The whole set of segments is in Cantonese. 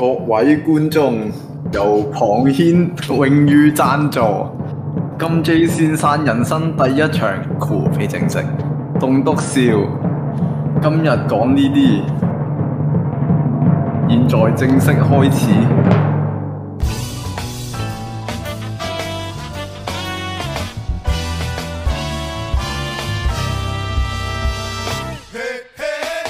各位觀眾，由龐軒榮譽贊助，金 J 先生人生第一場酷匪正式棟篤笑，今日講呢啲，現在正式開始。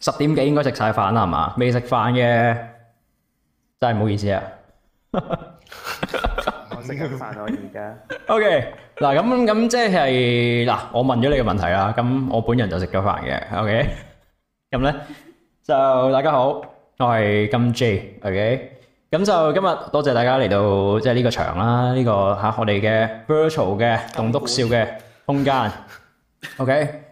十點幾應該食晒飯啦係嘛？未食飯嘅，真係唔好意思啊！我食緊飯我而家。OK，嗱咁咁，即係嗱，我問咗你個問題啦。咁我本人就食咗飯嘅。OK，咁咧就大家好，我係金 J。OK，咁就今日多謝大家嚟到即係呢個場啦，呢個吓我哋嘅 Virtual 嘅棟篤笑嘅空間。OK，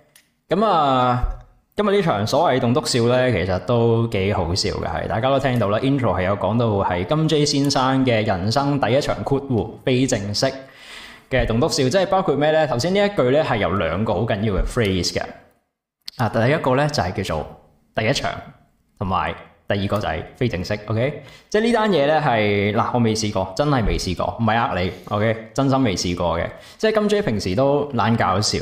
咁啊。今日呢場所謂棟篤笑呢，其實都幾好笑嘅。係大家都聽到啦，intro 係有講到係金 J 先生嘅人生第一場括弧非正式嘅棟篤笑，即係包括咩呢？頭先呢一句呢係有兩個好緊要嘅 phrase 嘅啊。第一個呢就係叫做第一場，同埋第二個就係非正式。OK，即係呢單嘢呢係嗱，我未試過，真係未試過，唔係呃你。OK，真心未試過嘅。即係金 J 平時都懶搞笑，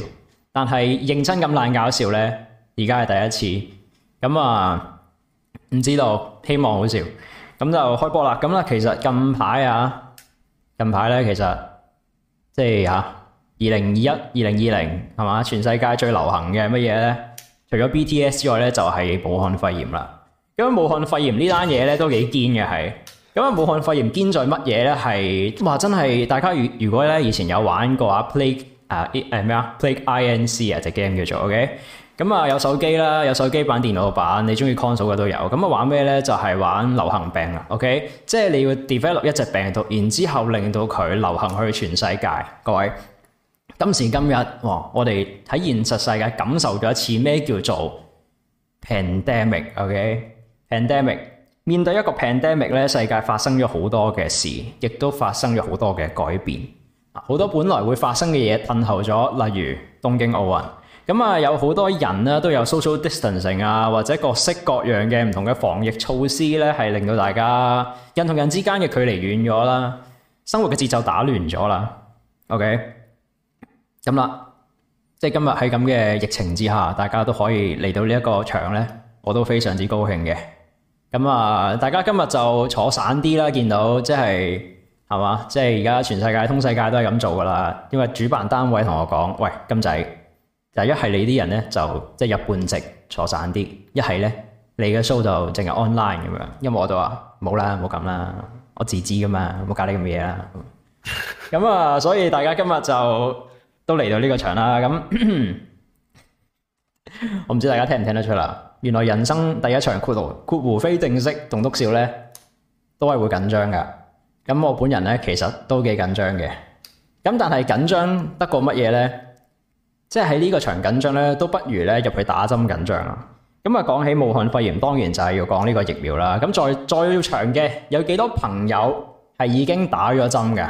但係認真咁懶搞笑呢。而家係第一次，咁啊唔知道，希望好笑，咁就開波啦。咁啦，其實近排、就是、啊，近排咧，其實即係嚇二零二一、二零二零係嘛？全世界最流行嘅乜嘢咧？除咗 BTS 之外咧，就係、是、武漢肺炎啦。因為武漢肺炎呢單嘢咧都幾堅嘅，係因為武漢肺炎堅在乜嘢咧？係話真係大家如果如果咧，以前有玩過啊 Play。啊，誒咩啊？Plague Inc. 啊，隻 game 叫做 OK。咁啊，有手機啦，有手機版、電腦版，你中意 console 嘅都有。咁啊，玩咩咧？就係、是、玩流行病啊。OK，即係你要 develop 一隻病毒，然之後令到佢流行去全世界。各位，今時今日，哇、哦！我哋喺現實世界感受咗一次咩叫做 pandemic、okay? Pand。OK，pandemic 面對一個 pandemic 咧，世界發生咗好多嘅事，亦都發生咗好多嘅改變。好多本來會發生嘅嘢褪後咗，例如東京奧運，咁啊，有好多人咧都有 social distancing 啊，或者各式各樣嘅唔同嘅防疫措施咧，係令到大家人同人之間嘅距離遠咗啦，生活嘅節奏打亂咗啦。OK，咁啦，即係今日喺咁嘅疫情之下，大家都可以嚟到呢一個場呢，我都非常之高興嘅。咁啊，大家今日就坐散啲啦，見到即係。係嘛？即係而家全世界通世界都係咁做噶啦。因為主辦單位同我講：喂，金仔，是你的人就一係你啲人咧就即係入半席坐散啲；一係咧你嘅 show 就淨係 online 咁樣。因為我就話冇啦，冇咁啦，我自知噶嘛，冇搞你咁嘅嘢啦。咁 啊，所以大家今日就都嚟到呢個場啦。咁 我唔知大家聽唔聽得出啦。原來人生第一場括弧括弧非正式棟篤笑咧，都係會緊張噶。咁我本人咧，其實都幾緊張嘅。咁但係緊張得過乜嘢呢？即係喺呢個場緊張咧，都不如咧入去打針緊張啊。咁啊，講起武漢肺炎，當然就係要講呢個疫苗啦。咁在在場嘅，有幾多朋友係已經打咗針嘅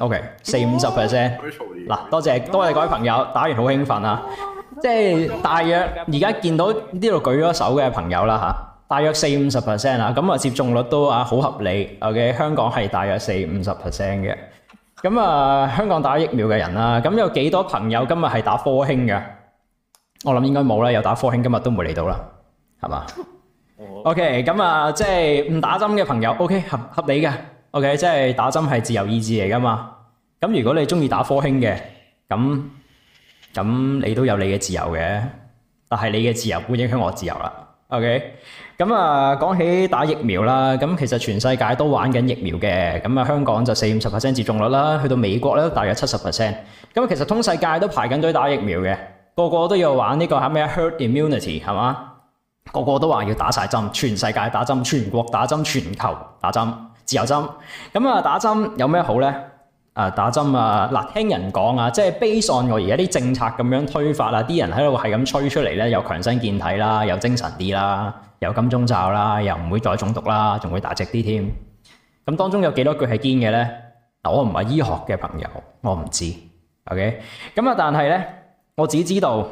？OK，四五十 percent。嗱，多謝多謝各位朋友，打完好興奮啊！即係大約而家見到呢度舉咗手嘅朋友啦吓大約四五十 percent 啦，咁啊接種率都啊好合理。OK？香港係大約四五十 percent 嘅。咁啊，香港打疫苗嘅人啦，咁有幾多朋友今日係打科興嘅？我諗應該冇啦，有打科興今日都冇嚟到啦，係嘛？O K，咁啊，即係唔打針嘅朋友，OK，合合理嘅。OK？即係打針係自由意志嚟噶嘛？咁如果你中意打科興嘅，咁咁你都有你嘅自由嘅，但係你嘅自由會影響我自由啦。O K。咁啊，講起打疫苗啦，咁其實全世界都玩緊疫苗嘅。咁啊，香港就四五十 percent 接種率啦，去到美國咧都大約七十 percent。咁其實通世界都排緊隊打疫苗嘅，個個都要玩呢個係咩 herd immunity 係嘛？個個都話要打晒針，全世界打針，全國打針，全球打針，自由針。咁啊，打針有咩好呢？啊，打針啊，嗱，聽人講啊，即係悲喪我而家啲政策咁樣推發啊，啲人喺度係咁吹出嚟咧，又強身健體啦，又精神啲啦。有金鐘罩啦，又唔會再中毒啦，仲會大隻啲添。咁當中有幾多句係堅嘅呢？嗱，我唔係醫學嘅朋友，我唔知。OK，咁啊，但係呢，我只知道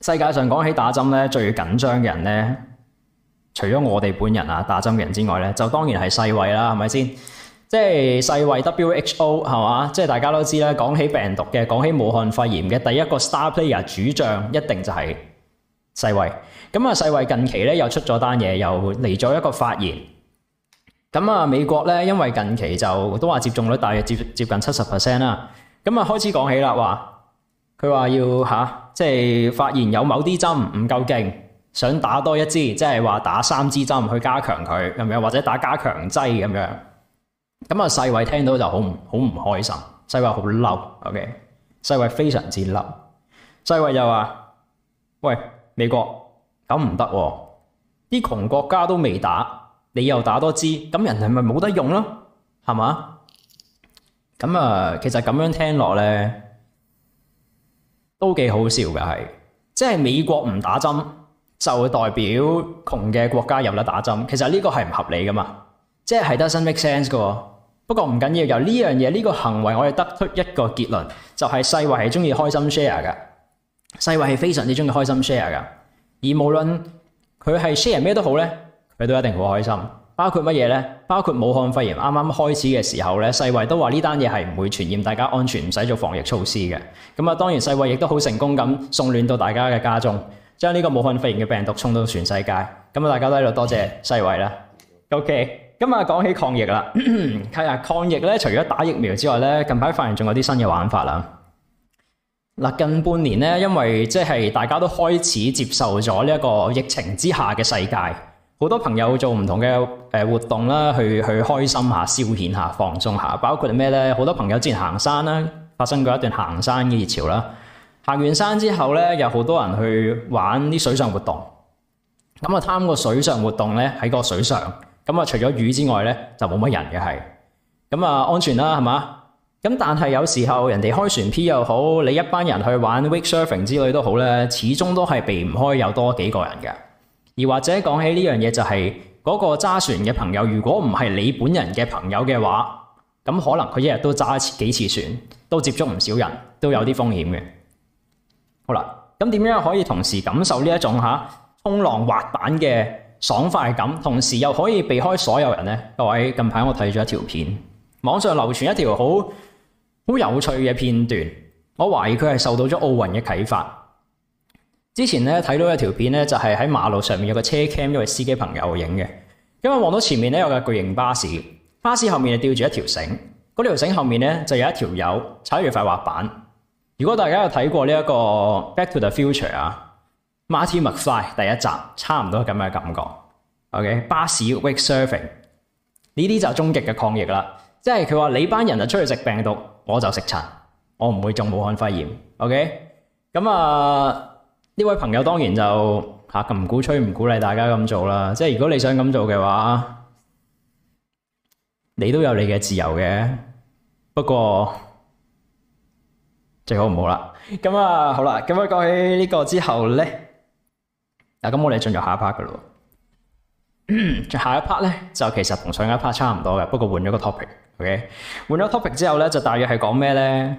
世界上講起打針呢，最緊張嘅人呢，除咗我哋本人啊打針嘅人之外呢，就當然係世衛啦，係咪先？即係世衛 WHO 係嘛？即係大家都知啦，講起病毒嘅，講起武漢肺炎嘅第一個 star player 主將一定就係。世衛咁啊，世衛近期咧，又出咗單嘢，又嚟咗一個發言。咁啊，美國咧，因為近期就都話接種率大約接接近七十 percent 啦，咁啊開始講起啦，話佢話要吓，啊，即係發現有某啲針唔夠勁，想打多一支，即係話打三支針去加強佢，係或者打加強劑咁樣。咁啊，世衛聽到就好唔好唔開心，世衛好嬲，ok，世衛非常之嬲。世衛又話喂。美國咁唔得，啲窮國家都未打，你又打多支，咁人係咪冇得用咯？係嘛？咁啊，其實咁樣聽落咧，都幾好笑嘅，係即係美國唔打針，就會代表窮嘅國家有得打針。其實呢個係唔合理噶嘛，即係 doesn't make sense 噶。不過唔緊要，由呢樣嘢呢個行為，我哋得出一個結論，就係世衛係鍾意開心 share 噶。世衛係非常之中意開心 share 噶而無論佢係 share 咩都好咧，佢都一定好開心。包括乜嘢咧？包括武漢肺炎啱啱開始嘅時候咧，世衛都話呢單嘢係唔會傳染，大家安全唔使做防疫措施嘅。咁啊，當然世衛亦都好成功咁送暖到大家嘅家中，將呢個武漢肺炎嘅病毒衝到全世界。咁啊，大家都喺度多謝世衛啦。OK，今日，講起抗疫啦，係啊，抗疫咧，除咗打疫苗之外咧，近排發現仲有啲新嘅玩法啦。近半年咧，因為即係大家都開始接受咗呢一個疫情之下嘅世界，好多朋友做唔同嘅誒活動啦，去去開心下、消遣下、放鬆下。包括係咩咧？好多朋友之前行山啦，發生過一段行山嘅熱潮啦。行完山之後咧，有好多人去玩啲水上活動。咁啊，貪個水上活動咧，喺個水上，咁啊，除咗魚之外咧，就冇乜人嘅係。咁啊，安全啦，係嘛？咁但係有時候人哋開船 P 又好，你一班人去玩 wake surfing 之類都好咧，始終都係避唔開有多幾個人嘅。而或者講起呢樣嘢就係嗰個揸船嘅朋友，如果唔係你本人嘅朋友嘅話，咁可能佢一日都揸幾次船，都接觸唔少人，都有啲風險嘅。好啦，咁點樣可以同時感受呢一種吓沖浪滑板嘅爽快感，同時又可以避開所有人呢？各位，近排我睇咗一條片，網上流傳一條好，好有趣嘅片段，我懷疑佢係受到咗奧運嘅啟發。之前呢睇到一條片呢，就係、是、喺馬路上面有一個車 cam，因為司機朋友影嘅。咁啊，望到前面呢有個巨型巴士，巴士後面就吊住一條繩，嗰條繩後面呢就有一條友踩住塊滑板。如果大家有睇過呢一個《Back to the Future》啊，《Marty McFly》第一集，差唔多咁嘅感覺。OK，巴士 wake surfing 呢啲就係終極嘅抗疫啦，即係佢話你班人就出去食病毒。我就食茶，我唔會中武漢肺炎。OK，咁啊呢位朋友當然就吓咁唔鼓吹、唔鼓勵大家咁做啦。即係如果你想咁做嘅話，你都有你嘅自由嘅。不過最好唔好啦。咁啊好啦，咁我講起呢個之後咧，啊咁我哋進入下一 part 噶啦。嗯， 下一 part 咧就其實同上一 part 差唔多嘅，不過換咗個 topic。O.K. 換咗 topic 之後咧，就大約係講咩咧？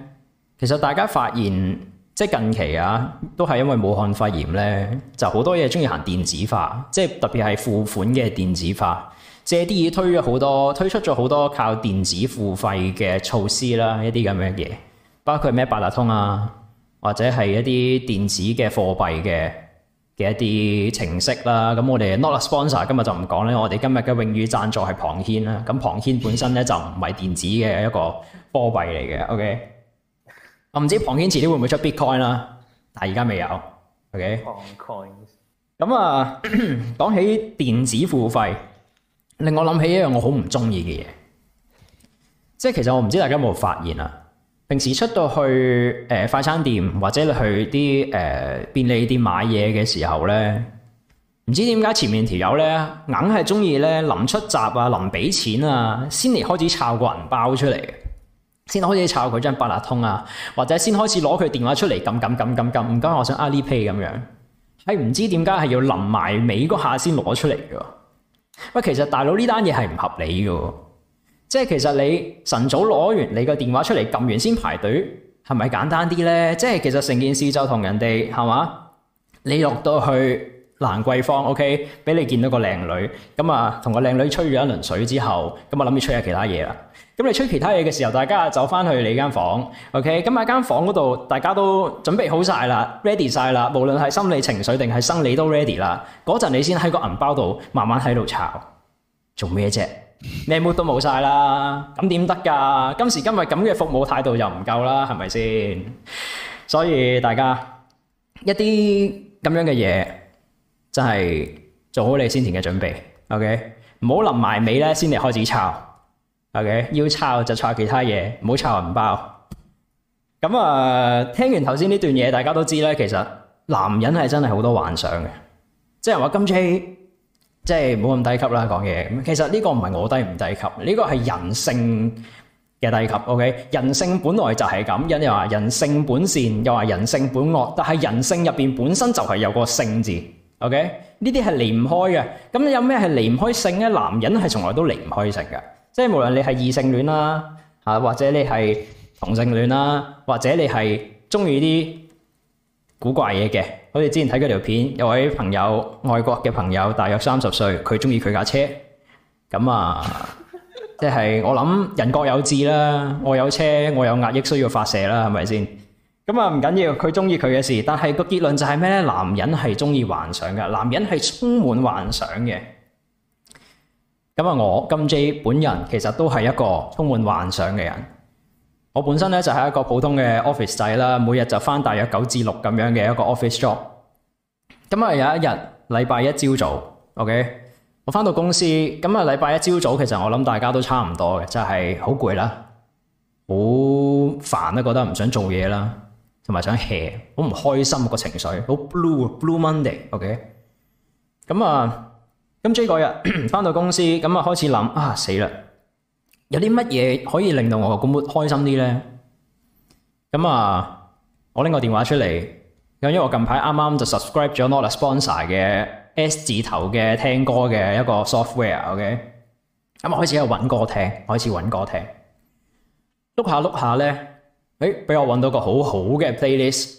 其實大家發現，即係近期啊，都係因為武漢肺炎咧，就好多嘢中意行電子化，即係特別係付款嘅電子化，借啲已推咗好多，推出咗好多靠電子付費嘅措施啦，一啲咁樣嘢，包括咩八達通啊，或者係一啲電子嘅貨幣嘅嘅一啲程式啦，咁我哋 Not a sponsor 今日就唔講咧。我哋今日嘅榮譽贊助係龐軒啦。咁龐軒本身咧就唔係電子嘅一個貨幣嚟嘅，OK？我唔知龐軒遲啲會唔會出 Bitcoin 啦、啊，但係而家未有 OK？Coins。咁啊，講 起電子付費，令我諗起一樣我好唔中意嘅嘢，即係其實我唔知大家有冇發現啊。平時出到去、呃、快餐店或者你去啲誒、呃、便利店買嘢嘅時候咧，唔知點解前面條友咧，硬係中意咧臨出閘啊，臨俾錢啊，先嚟開始摷個銀包出嚟嘅，先開始摷佢張八達通啊，或者先開始攞佢電話出嚟，撳撳撳撳撳，唔該，我想 Alipay 咁樣，係、欸、唔知點解係要臨埋尾嗰下先攞出嚟㗎喎，其實大佬呢單嘢係唔合理嘅。即係其實你晨早攞完你個電話出嚟撳完先排隊，係咪簡單啲咧？即係其實成件事就同人哋係嘛？你落到去蘭桂坊，OK，俾你見到個靚女，咁啊同個靚女吹咗一輪水之後，咁啊諗住吹下其他嘢啦。咁你吹其他嘢嘅時候，大家走翻去你間房 okay? 房，OK。咁喺間房嗰度，大家都準備好晒啦，ready 晒啦，無論係心理情緒定係生理都 ready 啦。嗰陣你先喺個銀包度慢慢喺度炒，做咩啫？你乜都冇晒啦，咁點得噶？今時今日咁嘅服務態度又唔夠啦，係咪先？所以大家一啲咁樣嘅嘢，真係做好你先前嘅準備，OK？唔好臨埋尾咧先嚟開始抄，OK？要抄就抄其他嘢，唔好抄銀包。咁啊，聽完頭先呢段嘢，大家都知啦，其實男人係真係好多幻想嘅，即係話今次。即係唔好咁低級啦，講嘢。其實呢個唔係我低唔低級，呢個係人性嘅低級。OK，人性本來就係咁，人又話人性本善，又話人性本惡，但係人性入面本身就係有個性字。OK，呢啲係離唔開嘅。咁有咩係離唔開性咧？男人係從來都離唔開性嘅，即係無論你係異性戀啦，吓，或者你係同性戀啦，或者你係中意啲古怪嘢嘅，好似之前睇嗰條片，有位朋友，外國嘅朋友，大約三十歲，佢中意佢架車，咁啊，即係我諗人各有志啦，我有車，我有壓抑需要發射啦，係咪先？咁啊唔緊要，佢中意佢嘅事，但係個結論就係咩呢？男人係中意幻想嘅，男人係充滿幻想嘅，咁啊我金 J 本人其實都係一個充滿幻想嘅人。我本身呢，就係、是、一個普通嘅 office 仔啦，每日就返大約九至六咁樣嘅一個 office job。咁啊有一日禮拜一朝早，OK，我返到公司，咁啊禮拜一朝早其實我諗大家都差唔多嘅，就係好攰啦，好煩啦，覺得唔想做嘢啦，同埋想 hea，好唔開心，嗰個情緒，好 blue blue Monday，OK、OK？咁啊，咁 J 嗰日返到公司，咁啊開始諗啊死啦！有啲乜嘢可以令到我咁開心啲咧？咁啊，我拎個電話出嚟，咁因為我近排啱啱就 subscribe 咗 Not a Sponsor 嘅 S 字頭嘅聽歌嘅一個 software，OK，、okay? 咁我開始喺度搵歌聽，開始搵歌聽，碌下碌下咧，誒，俾、欸、我搵到個好好嘅 playlist，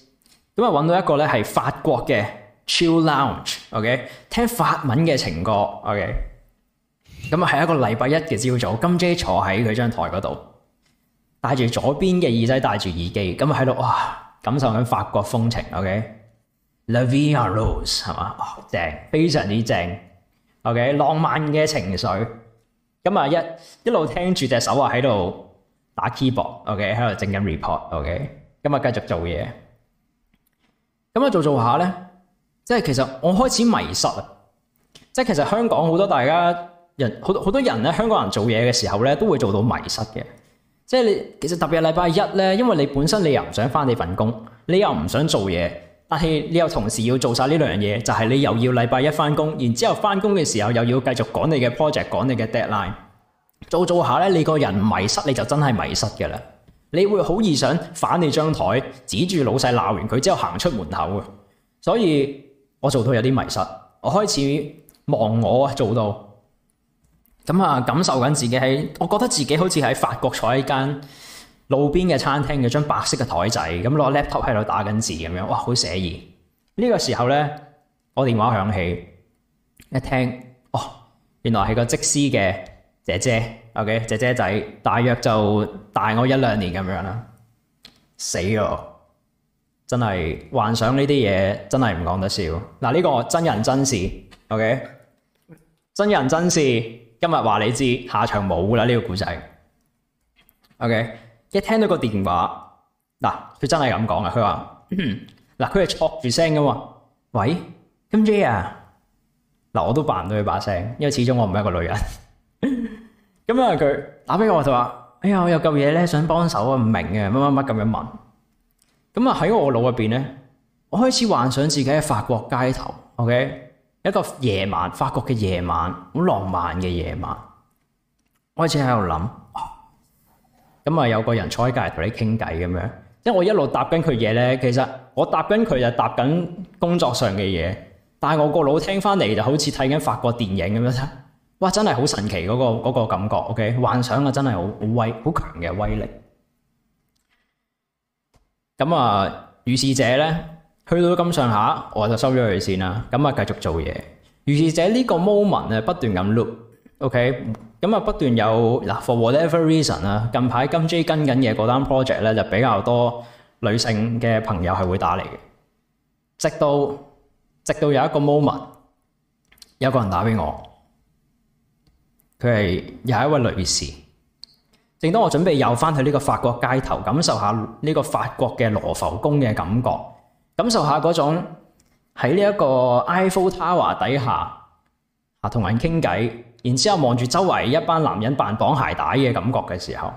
咁啊搵到一個咧係法國嘅 Chill Lounge，OK，、okay? 聽法文嘅情歌，OK。咁啊，係一個禮拜一嘅朝早，金姐坐喺佢張台嗰度，戴住左邊嘅耳仔，戴住耳機，咁啊喺度哇，感受緊法國風情。OK，La Vie Rose 係嘛？好、哦、正，非常之正。OK，浪漫嘅情緒。咁啊一一路聽住隻手啊喺度打 keyboard。OK，喺度整緊 report。OK，咁啊繼續做嘢。咁啊做做下咧，即係其實我開始迷失啦。即係其實香港好多大家，人好多好多人咧，香港人做嘢嘅時候咧，都會做到迷失嘅。即係你其實特別禮拜一咧，因為你本身你又唔想翻你份工，你又唔想做嘢，但係你又同時要做晒呢兩樣嘢，就係你又要禮拜一翻工，然之後翻工嘅時候又要繼續講你嘅 project，講你嘅 deadline，做做下咧，你個人迷失你就真係迷失嘅啦。你會好易想反你張台，指住老細鬧完佢之後行出門口嘅。所以我做到有啲迷失，我開始望我啊，做到。咁啊，感受緊自己喺，我覺得自己好似喺法國坐喺間路邊嘅餐廳嘅張白色嘅台仔，咁攞 laptop 喺度打緊字咁樣，哇，好寫意。呢、呢個時候呢，我電話響起，一聽，哦，原來係個職師嘅姐姐，OK，姐姐仔，大約就大我一兩年咁樣啦。死咯，真係幻想呢啲嘢真係唔講得笑嗱。呢、啊呢個真人真事，OK，真人真事。今日話你知下場冇啦呢個故仔，OK？一聽到一個電話，嗱，佢真係咁講嘅，佢話嗱，佢係錯住聲噶嘛，喂金姐呀，啊，嗱，我都扮唔到佢把聲，因為始終我唔係一個女人。咁 啊，佢打俾我就話，哎呀，我有嚿嘢咧想幫手啊，唔明嘅，乜乜乜咁樣問。咁啊，喺我腦入邊咧，我開始幻想自己喺法國街頭，OK？一個夜晚，法國嘅夜晚，好浪漫嘅夜晚，開始喺度諗，咁、哦、啊有個人坐喺隔籬同你傾偈咁樣，因為我一路搭緊佢嘢咧，其實我搭緊佢就搭緊工作上嘅嘢，但我個腦聽翻嚟就好似睇緊法國電影咁樣，哇！真係好神奇嗰、嗰個嗰個感覺，OK？幻想啊，真係好好威好強嘅威力。咁啊，於、呃、事者咧～去到咁上下，我就收咗佢先啦。咁啊，繼續做嘢。如是者呢個 moment 咧，不斷咁 loop，OK，咁啊不斷有嗱，for whatever reason 啦，近排跟 Jay 跟緊嘅嗰單 project 咧就比較多女性嘅朋友係會打嚟嘅。直到直到有一個 moment，有個人打俾我，佢係又係一位女士。正當我準備又翻去呢個法國街頭感受下呢個法國嘅羅浮宮嘅感覺。感受下嗰種喺呢 iPhone t 埃佛塔 o 底下啊，同人傾偈，然之後望住周圍一班男人扮綁鞋帶嘅感覺嘅時候，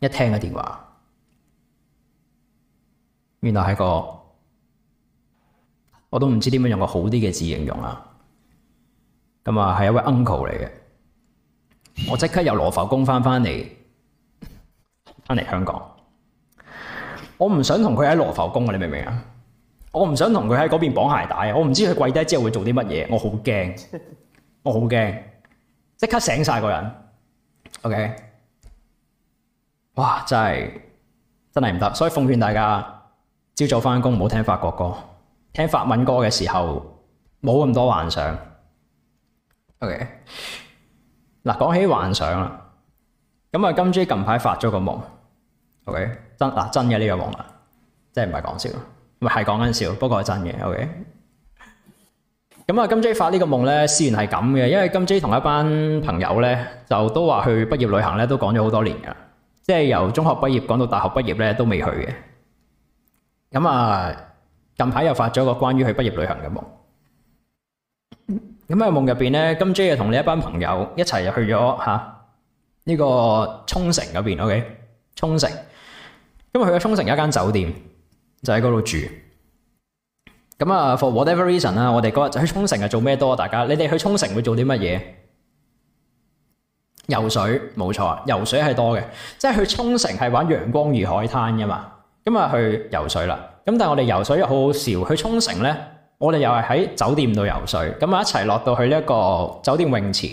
一聽嘅電話，原來係個我都唔知點樣用個好啲嘅字形容啊！咁啊，係一位 uncle 嚟嘅，我即刻由羅浮宮返返嚟，返嚟香港。我唔想同佢喺羅浮宮你明唔明啊？我唔想同佢喺嗰邊綁鞋帶啊！我唔知佢跪低之後會做啲乜嘢，我好驚，我好驚，即刻醒晒個人。OK，哇，真係真係唔得，所以奉勸大家朝早返工唔好聽法國歌，聽法文歌嘅時候冇咁多幻想。OK，嗱，講起幻想啦，咁啊，金珠近排發咗個夢。O、okay? K. 真嗱真嘅呢個夢啊，真係唔係講笑，唔係係講緊笑，不過係真嘅。O K. 咁啊，金 Jay 發這個夢呢個夢咧，雖然係咁嘅，因為金 Jay 同一班朋友咧，就都話去畢業旅行咧，都講咗好多年噶，即係由中學畢業講到大學畢業咧，都未去嘅。咁、嗯、啊，近排又發咗個關於去畢業旅行嘅夢。咁喺夢入邊咧，金 Jay 又同你一班朋友一齊去咗吓呢個沖繩嗰邊。O K. 沖繩。咁去咗沖繩一間酒店，就喺嗰度住。咁啊，for whatever reason 啦，我哋嗰日去沖繩係做咩多啊？大家你哋去沖繩會做啲乜嘢？游水，冇錯，游水係多嘅。即係去沖繩係玩陽光與海灘噶嘛。咁啊，去游水啦。咁但係我哋游水又好好笑。去沖繩呢，我哋又係喺酒店度游水。咁啊，一齊落到去呢一個酒店泳池。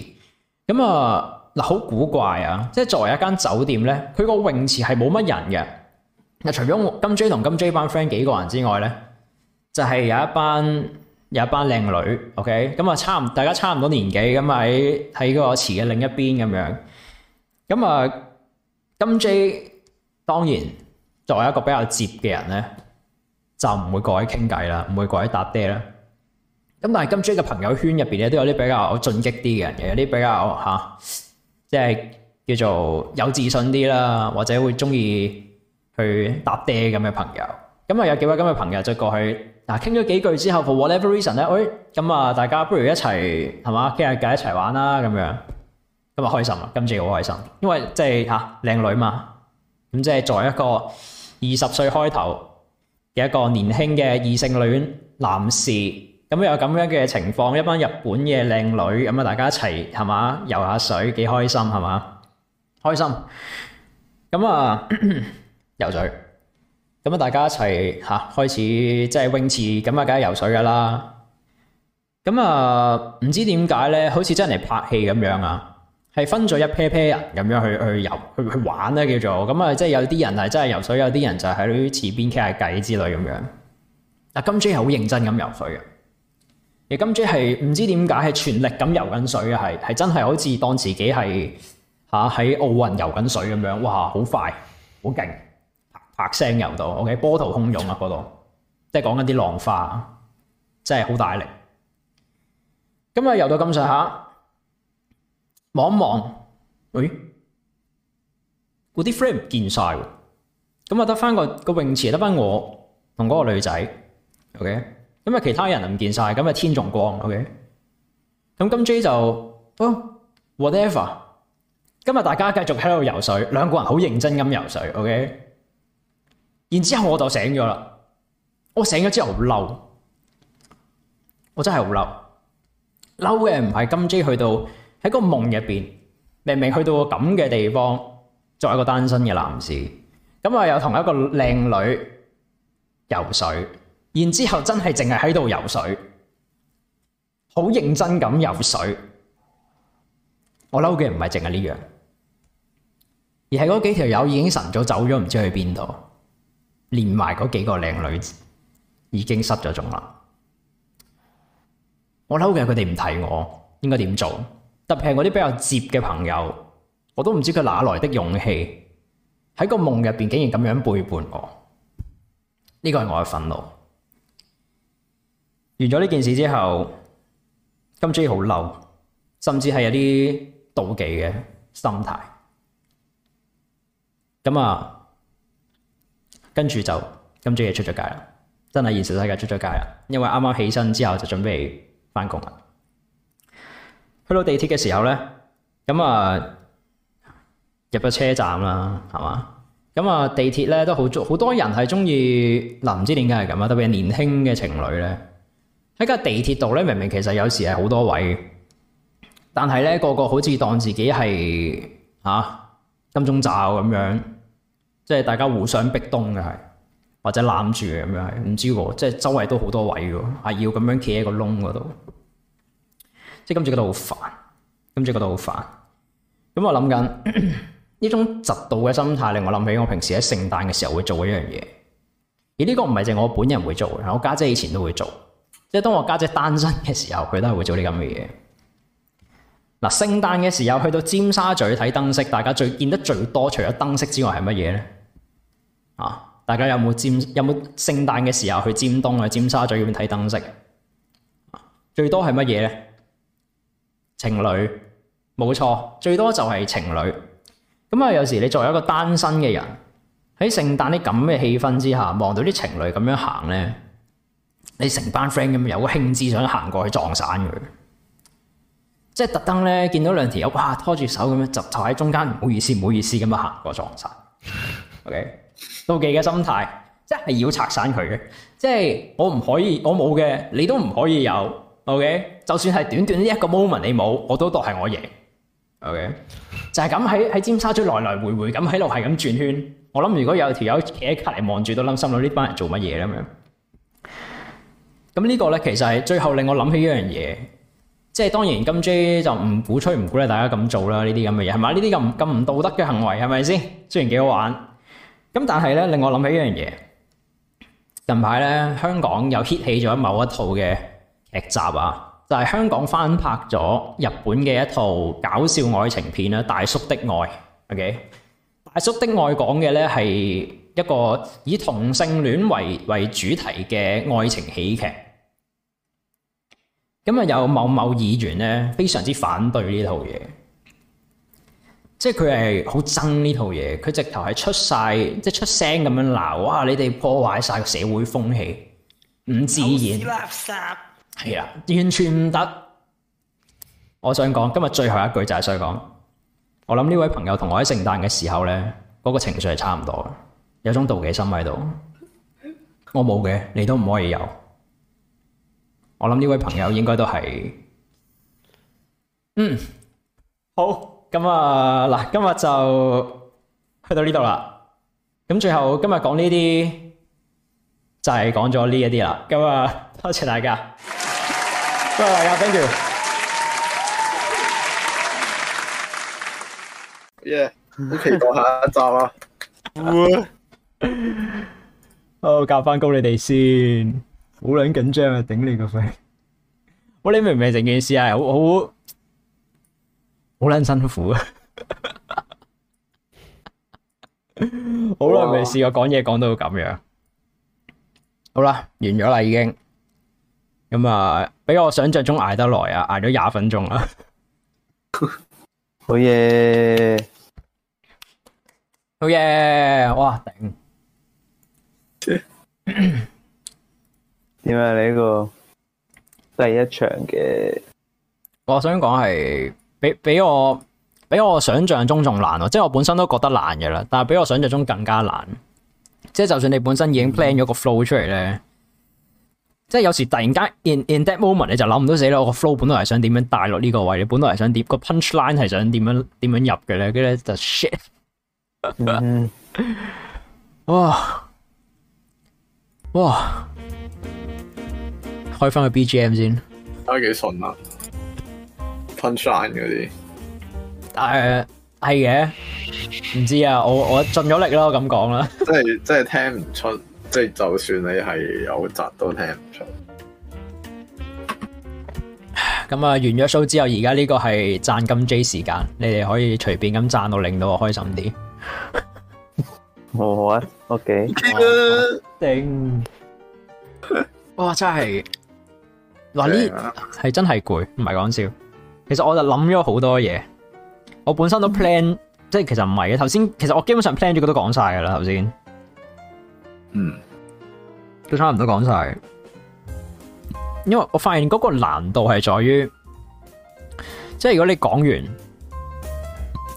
咁啊，嗱好古怪啊！即係作為一間酒店呢，佢個泳池係冇乜人嘅。嗱，除咗金 J 同金 J 班 friend 幾個人之外咧，就係有一班有一班靚女，OK，咁啊差唔大家差唔多年紀咁喺喺嗰個池嘅另一邊咁樣，咁啊金 J 當然作為一個比較接嘅人咧，就唔會過去傾偈啦，唔會過去搭嗲啦。咁但係金 J 嘅朋友圈入邊咧，都有啲比較進擊啲嘅人，有啲比較嚇，即係叫做有自信啲啦，或者會鍾意。去搭爹咁嘅朋友，咁啊有幾位咁嘅朋友就過去，嗱傾咗幾句之後，for whatever reason 咧、哎，喂，咁啊大家不如一齊係嘛，傾下偈一齊玩啦，咁樣咁啊開心啊，今次好開心，因為即係、就是、啊，靚女嘛，咁即係作為一個二十歲開頭嘅一個年輕嘅異性戀男士，咁有咁樣嘅情況，一班日本嘅靚女，咁啊大家一齊係嘛遊下水幾開心係嘛，開心，咁啊～ 游水，咁啊！大家一齊吓、啊、開始，即係泳池咁啊，梗係游水噶啦。咁啊，唔知點解咧，好似真係拍戲咁樣啊，係分咗一批批人咁樣去去游去去玩咧，叫做咁啊。即係有啲人係真係游水，有啲人就喺啲池邊傾下偈之類咁樣。啊金珠係好認真咁游水嘅，而金珠係唔知點解係全力咁游緊水嘅，係係真係好似當自己係吓喺奧運游緊水咁樣，哇！好快，好勁。白聲游到，OK，波濤空湧啊！嗰度即係講緊啲浪花，真係好大力。今日游到咁上、哎、下望一望，喂，嗰啲 frame 唔見晒喎。咁啊，得翻個泳池，得翻我同嗰個女仔，OK。因為其他人唔見晒，咁啊天仲光，OK。咁今 J 就啊，whatever。今日大家繼續喺度游水，兩個人好認真咁游水，OK。然之後我就醒咗啦，我醒咗之後好嬲，我真係好嬲。嬲嘅唔係金 J 去到喺個夢入邊，明明去到個咁嘅地方，作為一個單身嘅男士，咁我又同一個靚女游水，然之後真係淨係喺度游水，好認真咁游水。我嬲嘅唔係淨係呢樣，而係嗰幾條友已經晨早走咗，唔知去邊度。連埋嗰幾個靚女已經失咗蹤啦！我嬲嘅佢哋唔睇我，應該點做？特別係我啲比較接嘅朋友，我都唔知佢哪來的勇氣，喺個夢入邊竟然咁樣背叛我。呢個係我嘅憤怒。完咗呢件事之後，金珠好嬲，甚至係有啲妒忌嘅心態。咁啊～跟住就今朝嘢出咗街啦，真係現實世界出咗街啦。因為啱啱起身之後就準備翻工啦。去到地鐵嘅時候呢，咁啊入咗車站啦，係嘛？咁啊地鐵呢都好中，好多人係中意嗱，唔、啊、知點解係咁啊？特別係年輕嘅情侶呢。喺間地鐵度呢，明明其實有時係好多位，但係呢，個個好似當自己係啊金鐘罩咁樣。即係大家互相逼咚嘅係，或者攬住嘅咁樣係唔知喎。即係周圍都好多位喎，係要咁樣企喺個窿嗰度。即係今次覺得好煩，今次覺得好煩。咁我諗緊呢種嫉妒嘅心態，令我諗起我平時喺聖誕嘅時候會做一樣嘢。而呢個唔係淨係我本人會做嘅，我家姐以前都會做。即係當我家姐單身嘅時候，佢都係會做啲咁嘅嘢。嗱，聖誕嘅時候去到尖沙咀睇燈飾，大家最見得最多，除咗燈飾之外係乜嘢咧？啊！大家有冇尖有冇聖誕嘅時候去尖東啊、尖沙咀咁樣睇燈飾？啊、最多係乜嘢呢？情侶，冇錯，最多就係情侶。咁啊，有時候你作為一個單身嘅人，喺聖誕啲咁嘅氣氛之下，望到啲情侶咁樣行呢，你成班 friend 咁有個興致想行過去撞散佢，即係特登呢，見到兩條友哇拖住手咁樣，就就喺中間唔好意思，唔好意思咁樣行過撞散。 ok。妒忌嘅心態，即係要拆散佢嘅，即係我唔可以，我冇嘅，你都唔可以有，OK？就算係短短呢一個 moment，你冇，我都當係我贏，OK？就係咁喺喺尖沙咀來來回回咁喺度係咁轉圈，我諗如果有條友企喺隔籬望住都諗心諗呢班人做乜嘢咁樣，咁呢個咧其實係最後令我諗起一樣嘢，即係當然金 J 就唔鼓吹唔鼓勵大家咁做啦，呢啲咁嘅嘢係咪？呢啲咁咁唔道德嘅行為係咪先？雖然幾好玩。咁但係咧，令我諗起一樣嘢。近排咧，香港又 hit 起咗某一套嘅劇集啊，就係香港翻拍咗日本嘅一套搞笑愛情片啦，《大叔的愛》。OK，《大叔的愛》講嘅咧係一個以同性戀為為主題嘅愛情喜劇。咁啊，有某某議員咧，非常之反對呢套嘢。即係佢係好憎呢套嘢，佢直頭係出晒即係出聲咁樣鬧，哇！你哋破壞晒個社會風氣，唔自然，係啊，完全唔得。我想講今日最後一句就係想講，我諗呢位朋友同我喺聖誕嘅時候呢，嗰個情緒係差唔多，有種妒忌心喺度。我冇嘅，你都唔可以有。我諗呢位朋友應該都係，嗯，好。咁啊，嗱、嗯，今日就去到呢度啦。咁最後今日講呢啲，就係講咗呢一啲啦。咁、嗯、啊，多謝大家， 多謝大家，thank you。Yeah，唔好期待下一集啊！好，夾翻高你哋先，好卵緊張啊！頂你個肺，喂、 哦、你明唔明成件事係好好？好好撚辛苦啊！好耐未試過講嘢講到咁樣。哇好啦，完咗啦已經。咁、嗯、啊，比我想象中挨得耐啊，挨咗廿分鐘啦。好 嘢！好嘢！哇，頂。點 你呢個第一場嘅，我想講係。比比我比我想象中仲難咯，即係我本身都覺得難嘅啦，但係比我想象中更加難。即係就算你本身已經 plan 咗個 flow 出嚟咧，嗯、即係有時突然間 in in that moment 你就諗唔到死啦！我個 flow 本來係想點樣帶落呢個位，你本來係想點個 punch line 係想點樣點樣入嘅咧，跟住就 shit。嗯嗯 哇！哇！開翻個 BGM 先，開幾順啊！punchline 嗰啲，誒係嘅，唔知啊，知我我盡咗力啦，咁講啦，即係即係聽唔出，即係就算你係有窒都聽唔出。咁 啊，完咗 show 之後，而家呢個係讚金 J 時間，你哋可以隨便咁讚到令到我開心啲。好啊，OK，定，哇真係，嗱呢係真係攰，唔係講笑。其實我就諗咗好多嘢，我本身都 plan，即係其實唔係嘅。頭先其實我基本上 plan 咗，佢都講晒噶啦。頭先，嗯，都差唔多講晒。因為我發現嗰個難度係在於，即係如果你講完，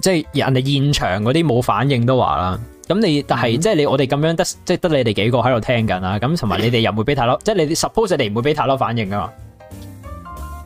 即係人哋現場嗰啲冇反應都話啦。咁你但係、嗯、即係你我哋咁樣得，即係得你哋幾個喺度聽緊啦。咁同埋你哋又唔會俾太多， 即係你哋 suppose 你唔會俾太多反應噶嘛。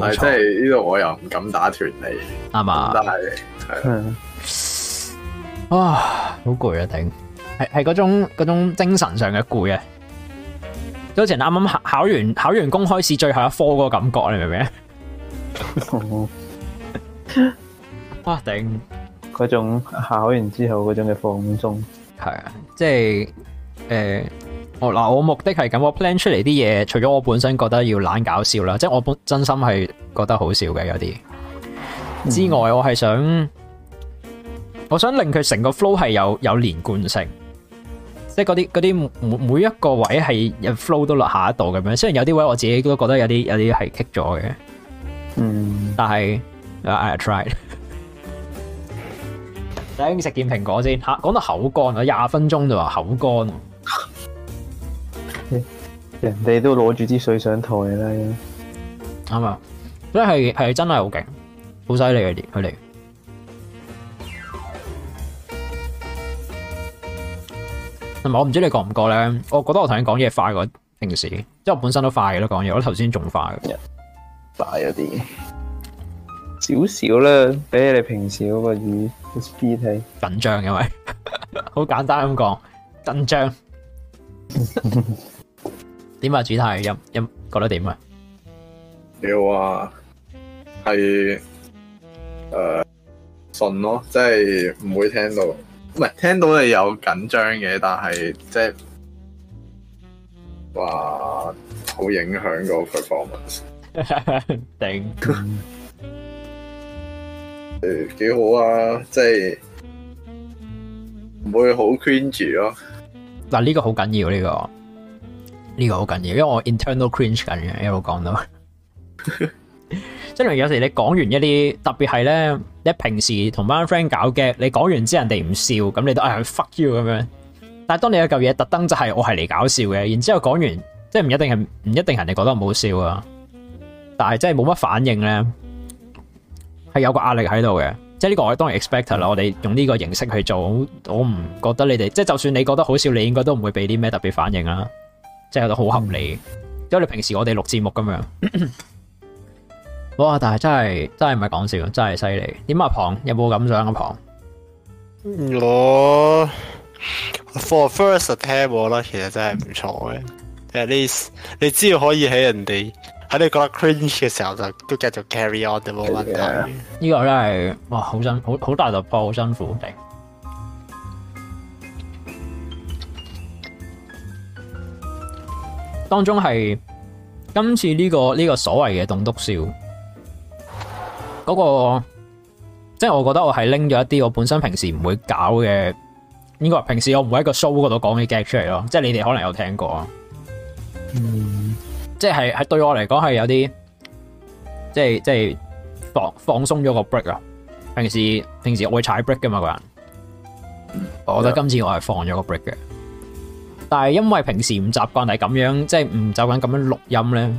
係，即係呢度我又唔敢打斷你，啱嘛？都係，係。哇，好攰啊！頂，係係嗰種嗰種精神上嘅攰啊，好似啱啱考完考完公開試最後一科嗰個感覺，你明唔明 啊？哇！頂，嗰種考完之後嗰種嘅放鬆，係啊，即係誒。呃我嗱，我目的係咁，我 plan 出嚟啲嘢，除咗我本身覺得要懶搞笑啦，即係我本真心係覺得好笑嘅有啲之外，我係想，我想令佢成個 flow 係有有連貫性，即係嗰啲嗰啲每每一個位係 flow 都落下一度咁樣。雖然有啲位我自己都覺得有啲有啲係 kick 咗嘅，嗯，但係 I tried。 等陣食件蘋果先吓，講到口乾啊，廿分鐘就話口乾。 人哋都攞住啲水上台啦，啱啊！所以係係真係好勁，好犀利嘅佢哋。同埋我唔知你覺唔覺咧？我覺得我同你講嘢快過平時，因為本身都快嘅都講嘢，我頭先仲快咁樣，快咗啲，少少啦，比起你平時嗰個語 speed 係緊張嘅咪，好 簡單咁講緊張。緊張 點啊，主題音音覺得點啊？你話係誒順咯，即係唔會聽到，唔係聽到你有緊張嘅，但係即係話好影響個 performance。頂 定。誒，幾好啊！即係唔會好 cringe 咯。嗱、啊，呢個好緊要呢個。呢個好緊要，因為我 internal cringe 緊嘅。一路講到，即係有時你講完一啲特別係咧，你平時同班 friend 搞嘅，你講完之後人哋唔笑咁，你都係去 fuck you 咁樣。但係當你有嚿嘢特登就係我係嚟搞笑嘅，然之後講完，即係唔一定係唔一定人哋覺得我唔好笑啊。但係真係冇乜反應咧，係有個壓力喺度嘅。即係呢個我當然 expect 啦。我哋用呢個形式去做，我唔覺得你哋即係就算你覺得好笑，你應該都唔會俾啲咩特別反應啊。真係都好合理，因為你平時我哋錄節目咁樣， 哇！但係真係真係唔係講笑，真係犀利。點？阿龐有冇感想？啊？龐，有有啊，我 for first table 其實真係唔錯嘅。At least 你只要可以喺人哋喺你覺得 cringe 嘅時候，就都繼續 carry on 得冇問題。呢、yeah。個真係哇，好辛好好大突破，好辛苦當中係今次呢、這個呢、這個所謂嘅棟篤笑，嗰、那個即係我覺得我係拎咗一啲我本身平時唔會搞嘅，應該話平時我唔會喺個 show 嗰度講嘅 gag 出嚟咯，即係你哋可能有聽過，嗯，即是是是，即係係對我嚟講係有啲，即係即係放放鬆咗個 break 啊，平時平時我會踩 break 噶嘛，個人，我覺得今次我係放咗個 break 嘅。但係因為平時唔習慣係咁樣，即係唔習慣咁樣錄音咧，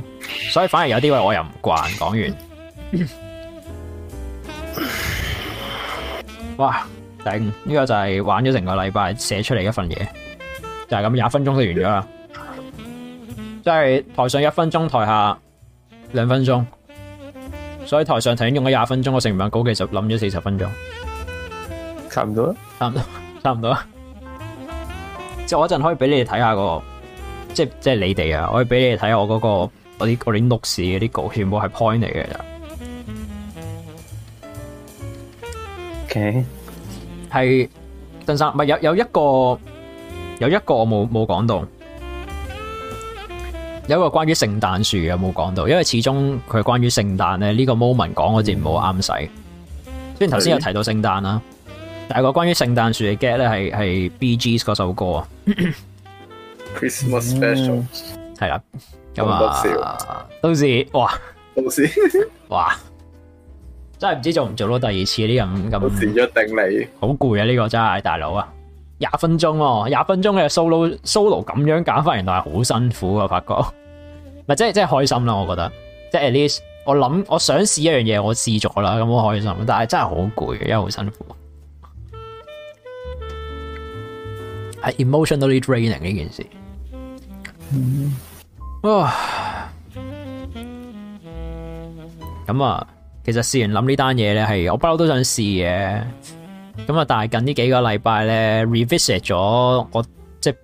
所以反而有啲位我又唔慣。講完， 哇，頂！呢個就係玩咗成個禮拜寫出嚟一份嘢，就係咁廿分鐘就完咗啦。即係台上一分鐘，台下兩分鐘。所以台上已經用咗廿分鐘嘅成品稿，其實諗咗四十分鐘，差唔多，差唔多，差唔多。即係我一陣可以俾你哋睇下嗰個，即係即係你哋啊！我可以俾你哋睇下我嗰個我啲我啲錄視啲局全部係 point 嚟嘅。OK，係鄧生，唔係有有一個有一個我冇冇講到，有一個關於聖誕樹嘅冇講到，因為始終佢關於聖誕咧呢個 moment 講好似唔好啱使。雖然頭先有提到聖誕啦。嗯第一個關於聖誕樹嘅 get 咧係係 B G 嗰首歌啊，Christmas Special 係啦、嗯，咁啊，到時哇，到時哇，真係唔知做唔做到第二次呢咁咁。到時約定你，好攰啊呢個真係大佬啊，廿、這個、分鐘哦、啊，廿分鐘嘅 solo solo 咁樣揀翻原來，係好辛苦啊，發覺咪即係即係開心咯、啊，我覺得即係、就是、at least 我諗我想試一樣嘢，我試咗啦，咁好開心，但係真係好攰，因為好辛苦。係 emotionally draining 呢件事。咁啊、嗯，其實試完諗呢單嘢咧，係我不嬲都想試嘅。咁啊，但係近呢幾個禮拜咧 revisit 咗我即係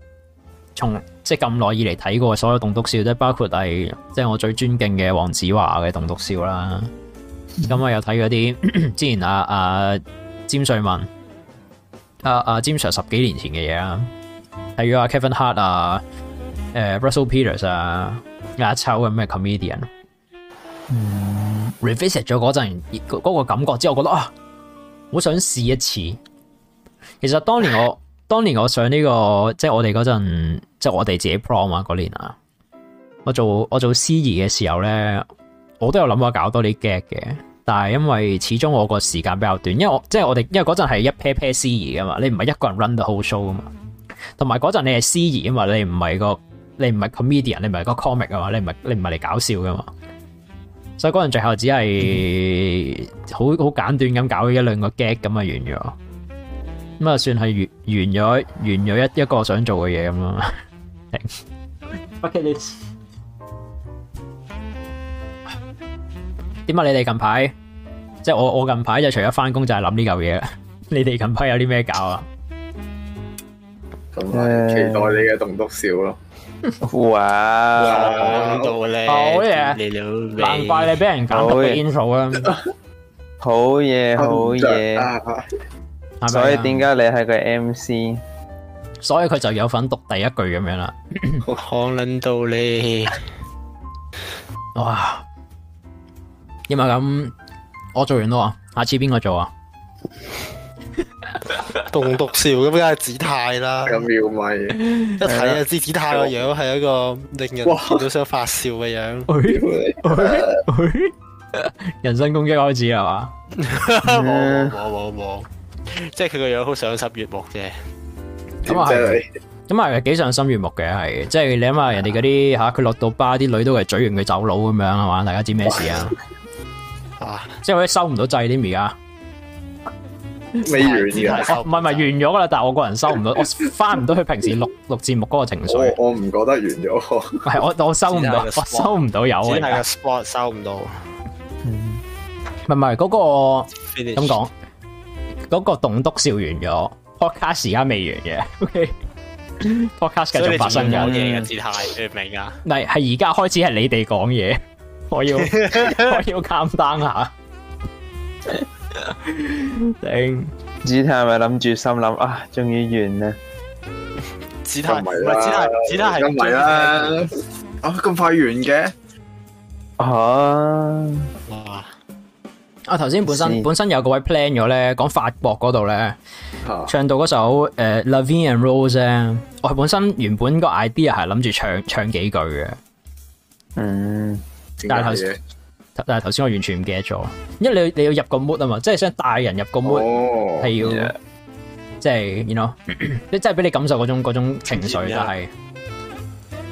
從即係咁耐以嚟睇過嘅所有棟篤笑，都包括係即係我最尊敬嘅黃子華嘅棟篤笑啦。咁我又睇嗰啲之前啊，阿、啊、詹瑞文。啊啊！Jameson 十幾年前嘅嘢啊，例如啊 Kevin Hart 啊，啊，Russell Peters 啊，一抽咁嘅 comedian，refresh 咗嗰陣嗰個感覺之後，我覺得啊好想試一次。其實當年我 當年我上呢、這個即係我哋嗰陣即係我哋自己 prom 啊嗰年啊，我做我做司儀嘅時候咧，我都有諗過搞多啲 gag 嘅。但係因為始終我個時間比較短，因為我即係我哋，因為嗰陣係一 pair pair 司儀噶嘛，你唔係一個人 run the whole show 噶嘛，同埋嗰陣你係司儀啊嘛，你唔係個你唔係 comedian，你唔係個 comic 啊嘛，你唔係你唔係嚟搞笑噶嘛，所以嗰陣最後只係好好簡短咁搞咗一兩個 gag 咁啊完咗，咁啊算係完完咗完咗一一個想做嘅嘢咁咯，OK，你。點解你哋近排，即係我我近排就除咗翻工就係諗呢嚿嘢。你哋近排有啲咩搞啊？咁期待你嘅棟篤笑咯！哇！好嘢，難怪你俾人解讀嘅因素啦！好嘢，好嘢。所以點解你係個 MC？所以佢就有份讀第一句咁樣啦。可能到你。哇！因為咁，啊、我做完咯，下次邊個做啊？棟 篤笑咁梗係子泰啦，咁妙咪？一睇啊，知子泰個樣係一個令人好想發笑嘅樣子。 人身攻擊開始係嘛？冇冇冇冇，即係佢個樣好賞心悅目啫。咁係，咁係幾賞心悅目嘅，係即係你諗下，人哋嗰啲吓，佢落到巴啲女都係嘴完佢走佬咁樣係嘛？大家知咩事啊？ 即係我以收唔到掣添，而家未完啲，唔係唔係完咗啦，但係我個人收唔到， 我翻唔到去平時錄錄節目嗰個情緒。我唔覺得完咗，係我我收唔到，spot, 我收唔到有先係個 spot 收唔到。唔係唔係嗰個咁講，嗰 Finish.、嗰個棟篤笑完咗，podcast 而家未完嘅、okay? ，podcast 繼續發生嘅嘢。姿態明啊？係、嗯，係而家開始係你哋講嘢。我要我要 calm down 下，定子泰係咪諗住心諗啊？終於完咧？子泰唔係子泰，子泰係咁嚟啦！啊，咁快完嘅？啊，啊，啊，啊！頭先本身先本身有嗰位 plan 咗咧，講法國嗰度咧，啊、唱到嗰首誒、呃《La Vie en Rose》、啊、我本身原本個 idea 係諗住唱唱幾句嘅，嗯。但係頭先，但係頭先我完全唔記得咗，因為你你要入個 mood 啊嘛，即係想帶人入個 mood，係要即係，you know，即係俾你感受嗰種嗰種情緒，就係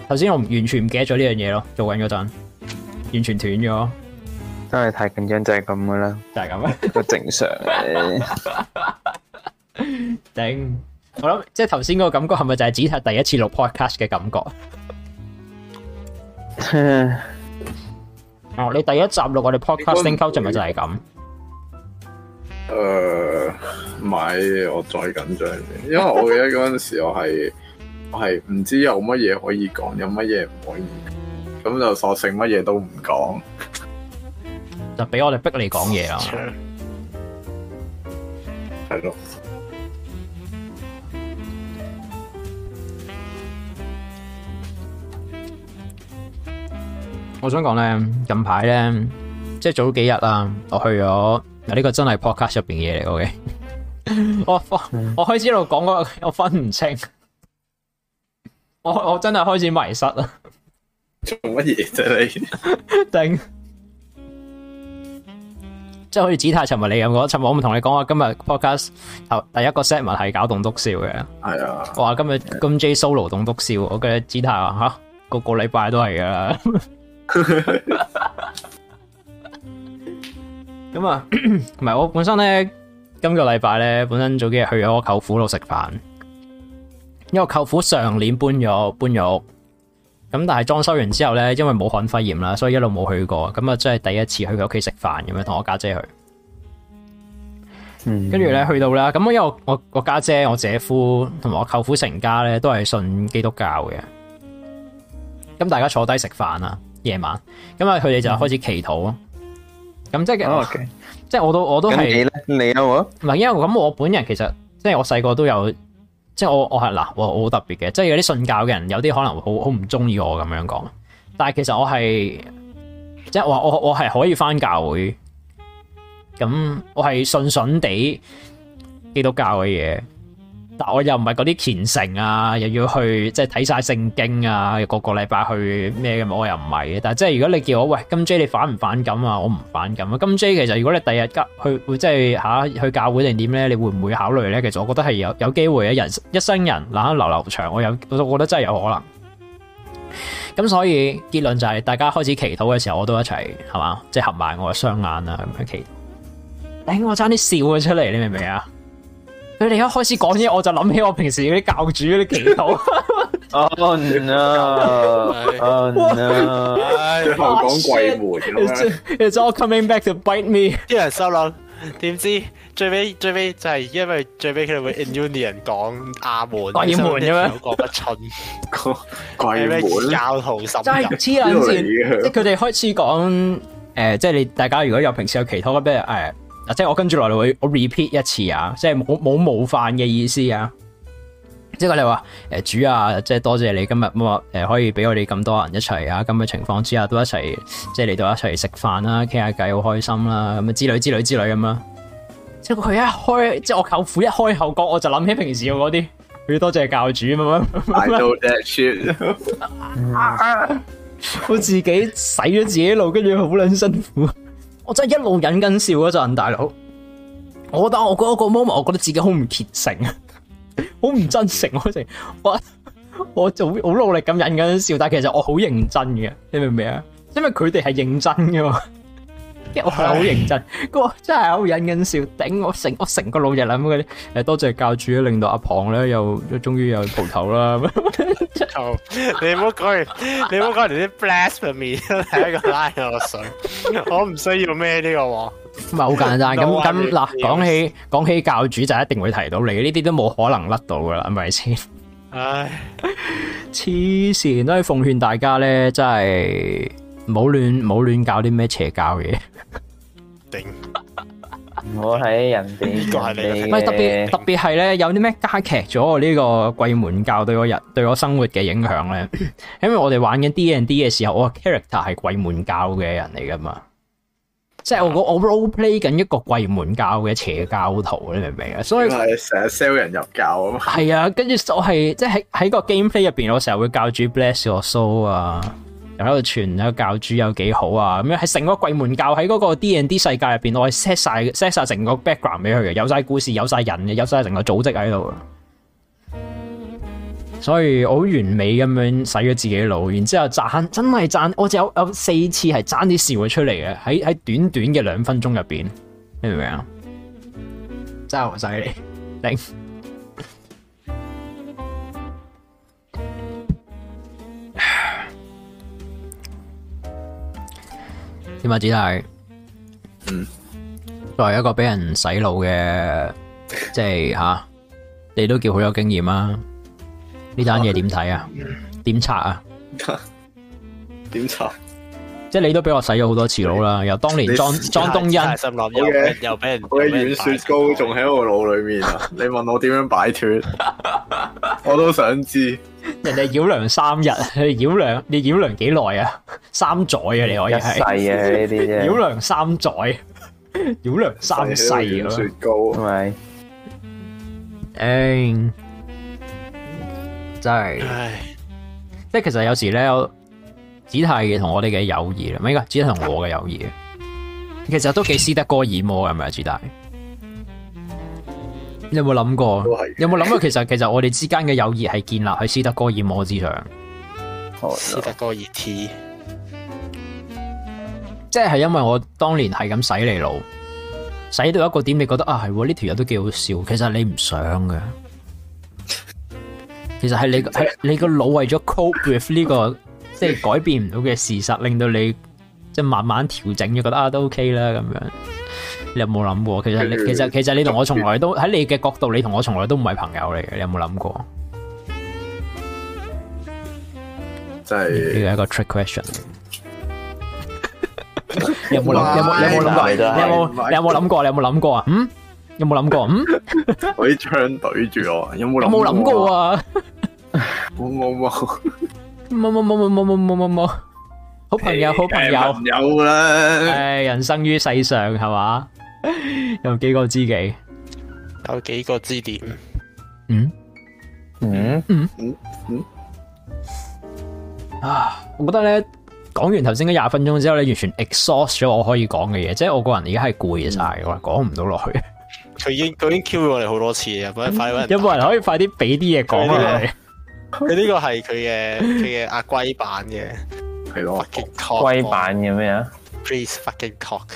頭先我完全唔記得咗呢樣嘢咯，做緊嗰陣完全斷咗，真係太緊張就係咁噶啦，就係咁樣，都正常嘅。頂，我諗即係頭先個感覺係咪就係紫塔第一次錄 podcast 嘅感覺？哦，你第一集錄我哋 podcast intro 係咪就係咁？誒、呃，咪我再緊張啲，因為我記得嗰陣時我係我係唔知有乜嘢可以講，有乜嘢唔可以，咁就索性乜嘢都唔講，就俾我哋逼你講嘢啊！係咯。 我想講咧，近排咧，即係早幾日啦，啊，我去咗嗱，呢個真係 podcast 入邊嘢嚟嘅。我我我開始度講，嗰個、我分唔清，我我真係開始迷失啦。做乜嘢啫你？定即係好似 Gtai 尋日你咁，我尋日我唔同你講啊。今日 podcast 第一個 segment 係搞棟篤笑嘅，係啊、哎呀。我話今日金 Jay solo 棟篤得得笑，我嘅 Gtai 吓，啊，個個禮拜都係噶啦。 咁 啊，唔係我本身咧。今個禮拜咧，本身早幾日去咗我舅父度食飯，因為我舅父上年搬咗搬咗屋，咁但係裝修完之後咧，因為武漢肺炎啦，所以一路冇去過。咁啊，即係第一次去佢屋企食飯咁樣，同我家姐，姐去。跟住咧去到啦。咁因為我我家姐，姐、我姐夫同埋我舅父成家咧，都係信基督教嘅。咁大家坐低食飯啦！夜晚，咁啊佢哋就開始祈禱咯。咁、嗯、即係，哦 okay、即係我都我都係你咧，你啦我。唔係因為咁我本人其實即係我細個都有，即係我我係嗱，我我好特別嘅，即係有啲信教嘅人有啲可能好好唔中意我咁樣講，但係其實我係即係話我我係可以翻教會，咁我係信順順地基督教嘅嘢。但我又唔係嗰啲虔誠啊，又要去即係睇晒聖經啊，個個禮拜去咩嘅，我又唔係嘅。但係即係如果你叫我，喂金 J 你反唔反感啊？我唔反感啊。金 J 其實如果你第日去會即係吓去教會定點咧，你會唔會考慮咧？其實我覺得係有有機會啊，人一生人嗱流流長，我有我覺得真係有可能。咁所以結論就係大家開始祈禱嘅時候我，即係、我都一齊係嘛，即係合埋我嘅雙眼啊，咁樣祈禱。我差啲笑咗出嚟，你明唔明啊？佢哋一開始講嘢，我就諗起我平時嗰啲教主嗰啲祈禱。啊唔啊，講鬼門嘅咩？It's all coming back to bite me, to bite me. 啲人收留，點知最尾最尾就係因為最尾佢哋會 in union 講阿門鬼門嘅咩？有個不襯鬼 門、欸、教徒心。真係黐撚線，即係佢哋開始講誒、呃，即係你大家如果有平時有祈禱嘅咩誒？嗱，即係我跟住落嚟會我 repeat 一次啊，即係冇冇冒犯嘅意思啊。即係你話誒、欸、主啊，即係多謝你今日乜誒可以俾我哋咁多人一齊啊，咁嘅情況之下都一齊即係嚟到一齊食飯啦，傾下偈好開心啦、啊，咁啊之類之類之類咁啦。即係佢一開，即係我舅父一開口講，我就諗起平時我嗰啲，佢多謝教主咁、啊、樣。I know that shit. 啊、我自己洗咗自己路，跟住好撚辛苦。我真係一路忍緊笑嗰陣，大佬，我但係我覺得我個 moment，我覺得自己好唔虔誠啊，好唔真誠嗰陣，我我就好好努力咁忍緊笑，但係其實我好認真嘅，你明唔明啊？因為佢哋係認真㗎嘛。我係好認真，我真係好忍緊笑，頂我成我成個老日啦咁嘅。誒，多謝教主咧，令到阿龐咧又，終於又蒲頭啦咁。你唔好講，你唔好講嚟啲 blasphemy，喺個 line 度水。我唔需要咩呢個，唔係好簡單。咁咁嗱，講起講起教主就一定會提到你，呢啲都冇可能甩到噶啦，係咪先？唉，黐線都係奉勸大家咧，真係。冇亂冇亂搞啲咩邪教嘢，我 喺人哋，係你，唔係特別特別係咧，有啲咩加劇咗呢個鬼門教對我對我生活嘅影響咧？ 因為我哋玩緊 D N D 嘅時候，我個 character 係鬼門教嘅人嚟噶嘛，即係我我 role play 緊一個鬼門教嘅邪教徒，你明唔明啊？所以成日 sell 人入教的，係 啊，跟住我係即係喺個 gameplay 入邊，我成日會教主 bless your soul 啊。喺度傳一個教主有幾好啊！咁樣喺成個櫃門教，喺嗰個 D&D 世界入邊，我係 set 晒 set 晒成個 background 俾佢嘅，有晒故事，有晒人嘅，有晒成個組織喺度，所以我好完美咁樣洗咗自己腦，然之後賺真係賺，我就有有四次係爭啲事笑出嚟嘅，喺喺短短嘅兩分鐘入邊，你明唔明啊？真係好犀利點啊子，但係，嗯，作為一個俾人洗腦嘅，即係吓，你都叫好有經驗啦。呢單嘢點睇啊？點拆啊？點拆？即係你都俾我洗咗好多次腦啦。由當年莊莊東欣又俾人我嘅軟雪糕仲喺我腦裏面啊！你問我點樣擺脫？我都想知，人哋繞梁三日，繞梁你繞梁幾耐啊？三載啊，你可以係細啊呢啲啫，繞梁三載，繞梁三世雪糕，係咪、嗯？誒 Sorry.、嗯，真係，即係其實有時咧，子太嘅同我哋嘅友誼啦，唔係噶，子太同我嘅友誼，其實都幾斯德哥爾摩咁樣子大。有冇諗過？是有冇諗過其？其實其實我哋之間嘅友誼係建立喺斯德哥爾摩之上。斯德哥爾提，即係因為我當年係咁洗你腦，洗到一個點，你覺得啊，係呢條友都幾好笑。其實你唔想嘅，其實係你係你個腦為咗 cope with 呢個即係改變唔到嘅事實，令到你即係慢慢調整，覺得啊都 OK 啦咁樣。你有冇諗過？其實你因為 其實其實你同我從來都喺你嘅角度，你同我從來都唔係朋友嚟嘅。你有冇諗過？即係呢個係一個 trick question。 有冇諗？有冇有冇諗邊過？你有冇你有冇諗過？你有冇諗過啊？嗯，有冇諗過？嗯，我啲槍對住我， Swedish 有冇諗？有冇諗過啊？冇冇冇冇冇冇冇冇冇冇冇冇冇冇好朋友，好朋友啦！誒、哎哎，人生於世上係嘛？嗯 有幾個知己，有幾個知點？嗯嗯嗯嗯啊！我覺得咧，講完頭先嗰廿分鐘之後咧，你完全 exhaust 咗我可以講嘅嘢，即係我個人而家係攰晒，嗯、我講唔到落去。佢已佢已經 cue 我哋好多次啊！有沒有快有冇人可以快啲俾啲嘢講啊？佢呢 個係佢嘅佢嘅阿龜版嘅，係咯龜版嘅咩啊？Please fucking talk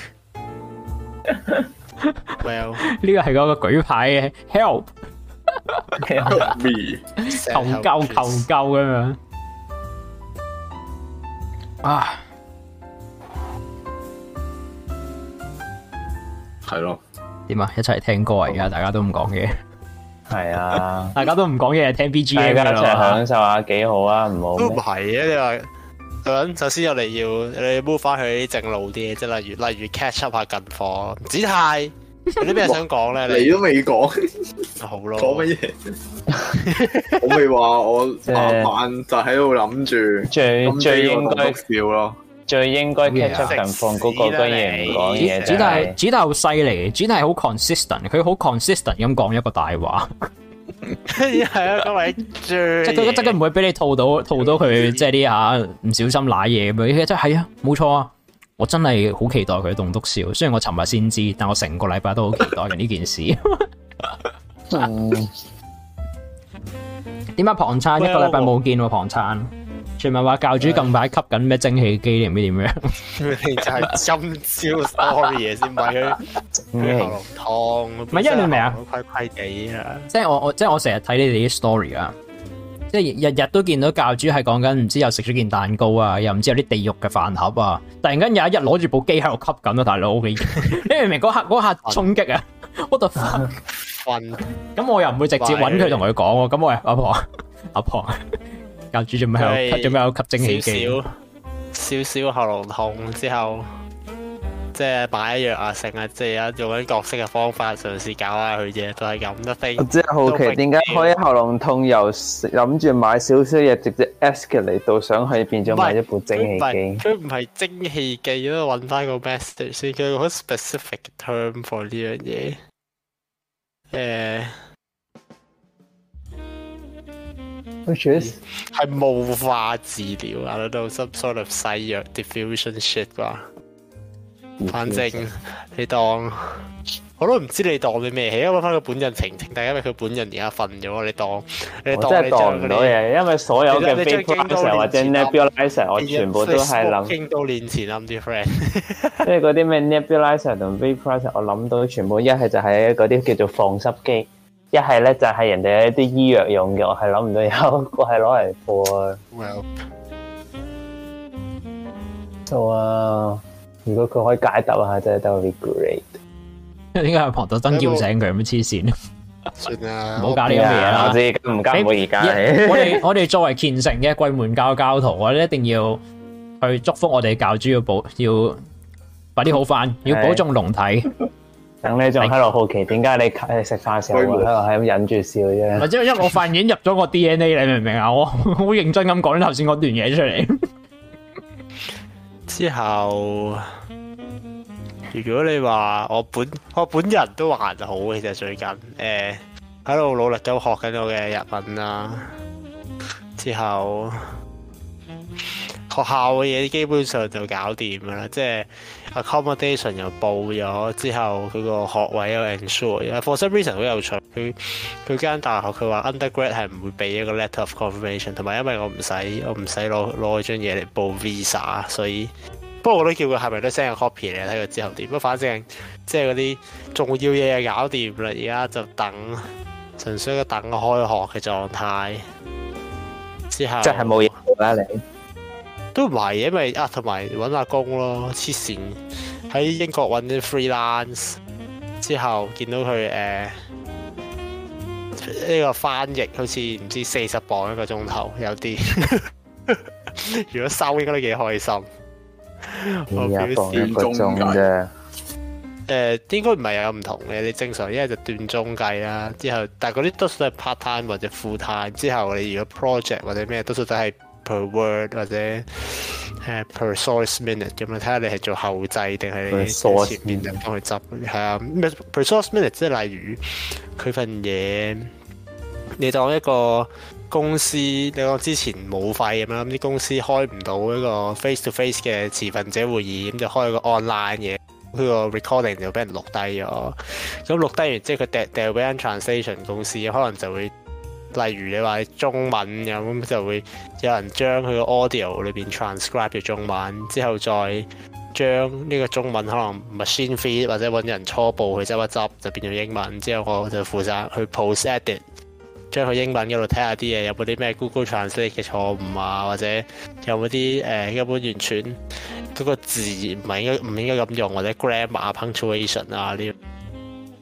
Well，呢個係嗰個舉牌嘅，help help me 求救求救咁樣啊，係咯？點啊？一齊聽歌啊！而家大家都唔講嘢，係啊，大家都唔講嘢，聽 BGM 噶啦，享受下幾好啊？唔好咩？唔係啊！你話。首先我哋要你 move 翻去啲正路啲嘢，即係例如例如 catch up 下近況。子泰，你有啲咩想講咧？你都未講，好咯。 講乜嘢？我未話我晚就喺度諗住最最應該笑咯，最應該 catch up 近況嗰、嗰個嘅嘢，就係。子泰，子泰好犀利，子泰好 consistent，佢好 consistent 咁講一個大話。 係啊，咁你即佢真係唔會俾你套到，套到佢即係啲吓唔小心瀨嘢咁樣。真係係啊，冇錯啊，我真係好期待佢嘅棟篤笑。雖然我尋日先知，但我成個禮拜都好期待嘅呢件事。哦、 嗯，點解龐燦一個禮拜冇見過，龐燦？我說全係話教主近排吸緊咩蒸汽機唔知點樣？ 你真係今朝 story 先咪？湯咪溫暖未啊？規規地啦。即係我我即係我成日睇你哋啲 story 啊！即係日日都見到教主係講緊，唔知又食咗件蛋糕啊，又唔知有啲地獄嘅飯盒啊！突然間有一日攞住部機喺度吸緊啦、啊，大佬，你明唔明嗰刻嗰刻衝擊啊？我度瞓，咁 我又唔會直接揾佢同佢講喎。咁了我阿婆，阿婆。婆佢係少少喉嚨痛之後，即係買藥啊，成啊，即係用緊角色嘅方法嘗試搞下佢嘢，都係咁得飛。我真係好奇點解可以喉嚨痛，由諗住買少少嘢，直接 escalate 到想去變咗買一部蒸汽機。佢唔係蒸汽機，都揾翻個 master 先，佢好 specific term for 呢樣嘢。誒。係霧化治療啊，到 some sort of 細藥 diffusion shit 啩。反正你當我都唔知你當啲咩，因為翻佢本人澄清，但係因為佢本人而家瞓咗，你當你當你真係當唔到嘢。因為所有嘅 vaporizer 或者 nebulizer，我全部都係諗傾到年前啱啲 friend。即係嗰啲咩 nebulizer 同 vaporizer，我諗到全部一係就係嗰啲叫做放濕機。一係咧就係人哋一啲醫藥用嘅，我係諗唔到有，我係攞嚟破。Well，做啊！如果佢可以解答下，真係都 very great。點解喺旁度真叫醒佢咁黐線？算啦，唔好搞呢樣嘢啦，我知唔加冇而家。我哋我哋作為虔誠嘅貴門教教徒，我哋一定要去祝福我哋教主要保要快啲好翻，要保重龍體。等你仲喺度好奇點解白你你食飯嘅時候喺度係咁忍住笑啫？或者一路因為發現已經入咗個 DNA， 你明唔明啊？我好認真咁講頭先嗰段嘢出嚟。之後，如果你話我本我本人都還好嘅，其實最近誒喺度努力咗學緊我嘅日文啦、啊。之後學校嘅嘢基本上就搞掂啦，即係。accommodation 又報咗之後，佢個學位又 ensure，for some reason 佢有趣。佢佢間大學佢話 undergrad 係唔會俾一個 letter of confirmation，同埋因為我唔使我唔使攞攞張嘢嚟報 visa，所以不過我都叫佢係咪都 send 個 copy 嚟睇佢之後點。不過反正即係嗰啲重要嘢搞掂啦，而家就等純粹一個等開學嘅狀態。之後即係冇嘢啦，你。都唔係嘅，因為啊，同埋揾阿公咯，黐線。喺英國揾啲 freelance 之後，見到佢誒呢個翻譯好像，好似唔知四十磅一個鐘頭，有啲。 如果收，應該都幾開心。廿磅一個鐘啫。誒、呃，應該唔係有唔同嘅。你正常一係就斷鐘計啦，之後但嗰啲都算係 part time 或者 full time。之後你如果 project 或者咩，都數都係。per word 或者、uh, per source minute 咁，你睇下你係做後製定係前面就幫去執？係 source 啊，per source minute 即係例如佢份嘢，你當一個公司，你講之前冇費咁啦，啲、嗯、公司開唔到一個 face to face 嘅持份者會議，咁、嗯、就開一個 online 嘢，佢個 recording 就俾人錄低咗。咁、嗯、錄低完即係佢掉掉俾 translation 公司，可能就會。例如你話中文咁，就會有人將佢個 audio 裏邊 transcribe 咗中文，之後再將呢個中文可能 machine feed 或者揾人初步去執一執，就變咗英文。之後我就負責去 post edit，將佢英文嗰度睇下啲嘢有冇啲咩 Google Translate 嘅錯誤啊，或者有冇啲誒根本完全嗰、嗰個字唔係應該唔應該咁用，或者 grammar punct、啊、punctuation 啊啲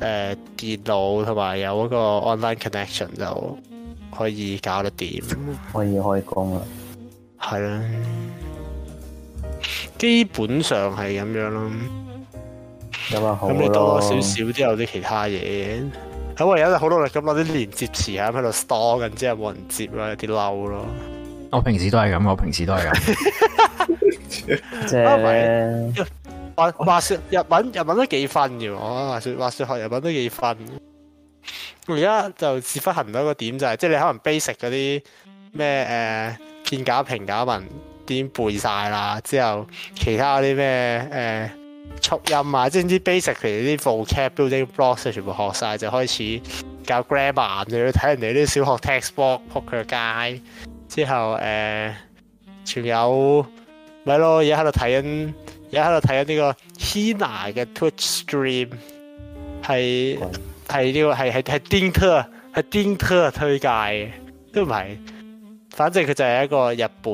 誒，電腦同埋有嗰個 online connection 就可以搞得掂，可以開工啦。係啦，基本上係咁樣咯。咁啊好咁你多少少都有啲其他嘢。咁我而家就好努力咁攞啲連接詞喺喺度 store 緊，之後冇人接啦，有啲嬲咯。我平時都係咁，我平時都係咁。借。 啊、話說日文，日文都幾分嘅、啊，話說話說學日文都幾分、啊。而家就似乎行唔到一個點就係、是，即係你可能 basic 嗰啲咩誒，片、呃、假平假文點背晒啦，之後其他嗰啲咩誒，速、呃、音啊，即係唔知 basic 嗰啲 vocab building blocks 就全部學晒，就開始教 grammar，就要睇人哋啲小學 textbook 仆佢街，之後誒、呃，全有咪咯，而家喺度睇緊。而家喺度睇緊呢個 Hina 嘅 Twitch stream，係係呢個係係係丁特係丁特推介嘅，都唔係，反正佢就係一個日本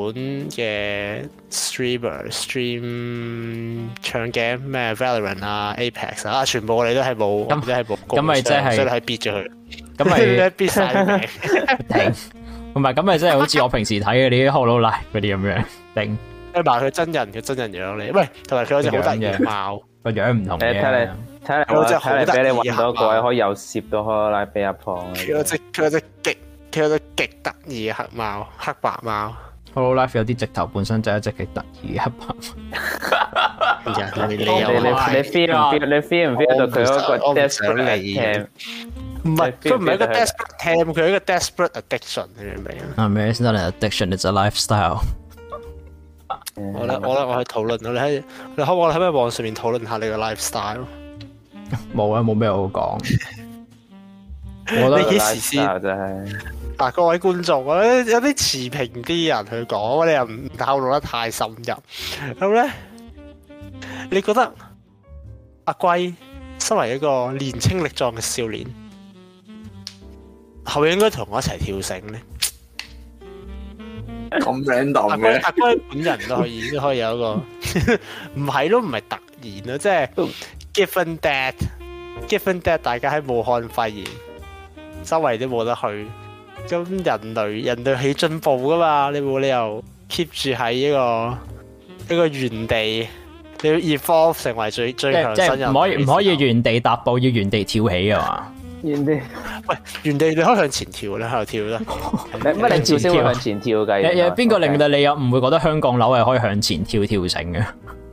嘅 Streamer stream,、er, stream 唱嘅咩 Valorant 啊 Apex 啊，全部我哋都係冇，跟都係冇，咁咪真係，所以你係 beat 咗佢，咁咪咧唔係，咁咪真係好似我平時睇嘅啲 Hololive 嗰啲咁樣，佢真人，佢真人樣你喂，同埋佢有隻好得意嘅貓，個樣唔同睇嚟睇嚟，我隻好得意。睇俾你搵到一個位可以又攝到《Hello Life》旁。佢有隻佢有隻極佢有隻極得意嘅黑貓，黑白貓。《Hello Life》有啲直頭本身就係一隻極得意嘅黑白貓。你你你你 feel 唔 feel？你 feel 唔 feel 到佢嗰個 desperate theme 唔係，佢唔係一個 desperate theme，佢一個 desperate addiction，你明唔明啊？唔明 It's not an addiction，it's a lifestyle。我咧，嗯、我咧，我去討論到你喺，你可唔可以喺咩網上面討論下你嘅 lifestyle？冇啊，冇咩好講。 你幾時先？真係、啊。嗱，各位觀眾，我有啲持平啲人去講，我哋又唔透露得太深入。咁咧，你覺得阿龜身為一個年輕力壯嘅少年，係咪應該同我一齊跳繩咧？咁 random 嘅，阿本人咯可以可以有一個，唔 係都唔係突然咯，即係 given that given that 大家喺武漢肺炎周圍都冇得去，咁人類人類起進步噶嘛，你冇理由 keep 住喺呢個呢、呢個原地，你要 evolve 成為最即最強新人，唔可以唔可以原地踏步，要原地跳起啊嘛！原地，喂，原地你可以向前跳啦，喺度跳啦，乜 你跳先會向前跳嘅？有有邊個令？但你又唔 Okay. 會覺得香港樓係可以向前跳跳繩嘅？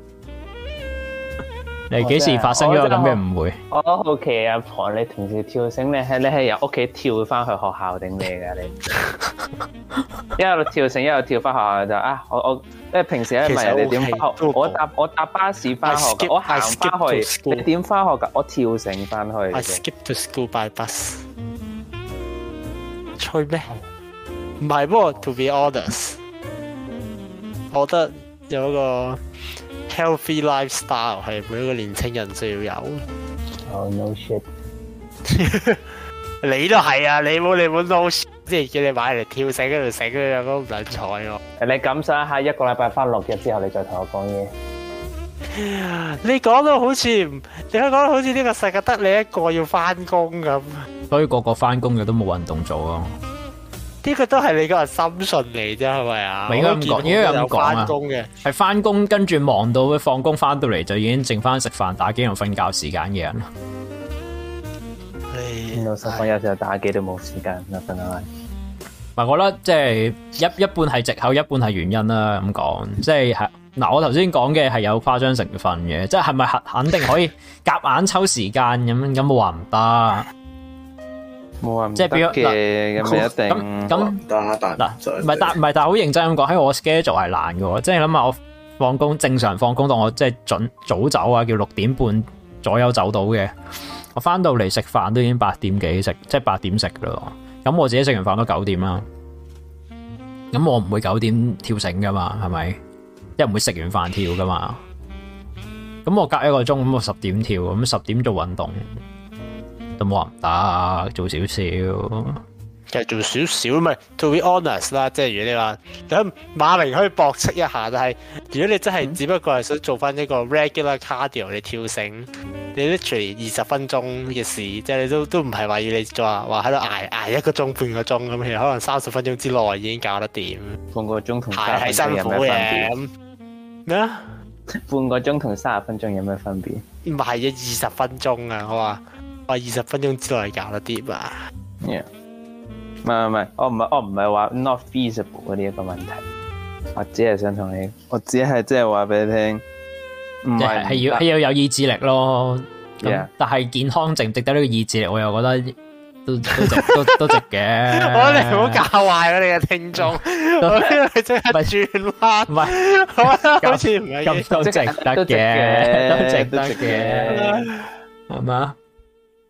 你幾時發生咗咁嘅誤會？我好奇阿婆，你平時跳繩，你係你係由屋企跳翻去學校定咩噶？你，一路跳繩一路跳翻學校就啊，我我即係平時唔係你點？我搭我搭巴士翻學，我行翻去，你點翻學噶？我跳繩翻去。I skip to school by bus。吹咩？唔係不過 to be others。我覺得有一個。Healthy lifestyle 係每一個年青人需要有。哦，no shit！你都係啊，你冇你冇 no shit，即係叫你買嚟跳繩嗰度繩佢，我都唔想睬我。你感受一下，一個禮拜翻六日之後，你再同我講嘢。你講到好似，你講到好似呢個世界得你一個要翻工咁。所以個個翻工嘅都冇運動做啊。呢個都係你個人心性嚟啫，係咪啊？應該咁講，應該咁講啊。係翻工，跟住忙到佢放工翻到嚟，就已經剩翻食飯、打機同瞓覺時間嘅人了。食飯有時候打機都冇時間，阿陳生。唔係，我覺得即係、就是、一一半係借口，一半係原因啦。咁講，即係嗱，我頭先講嘅係有誇張成分嘅，即係係咪肯定可以夾硬抽時間咁樣？咁我話唔得。的即係變咗嘅咁，唔、啊、一咁唔係但唔係但係好認真咁講，喺我 schedule 係難㗎，即係諗下我放工正常放工，當我即係準早走啊，叫六點半左右走到嘅，我翻到嚟食飯都已經八點幾食，即係八點食㗎咯，咁我自己食完飯都九點啦，咁我唔會九點跳繩噶嘛，係咪？即係唔會食完飯跳噶嘛，咁我隔一個鐘咁我十點跳，咁十點做運動。都冇人打，做少少，其實做少少咪，to be honest 啦，即係如果你話咁馬明可以駁斥一下，但係如果你真係只不過係想做翻一個 regular cardio，你跳繩，你 literally 二十分鐘嘅事，即係你都都唔係話要你做啊，話喺度捱捱一個鐘半個鐘咁，其實可能三十分鐘之內已經搞得掂。半個鐘同廿分鐘有咩分別？咩？半個鐘同三十分鐘有咩分別？唔係啊，二十分鐘啊，好話。我二十分鐘之內搞得啲吧？唔係唔係，我唔係我唔係話 not feasible 呢一個問題，我只係想同你，我只係即係話俾你聽，係要係要有意志力咯。但係健康值唔值得呢個意志力，我又覺得都都值都值嘅。我哋唔好教壞咗你嘅聽眾，我真係咪轉彎？唔係，好似唔係咁都值得嘅，都值得嘅，係嘛？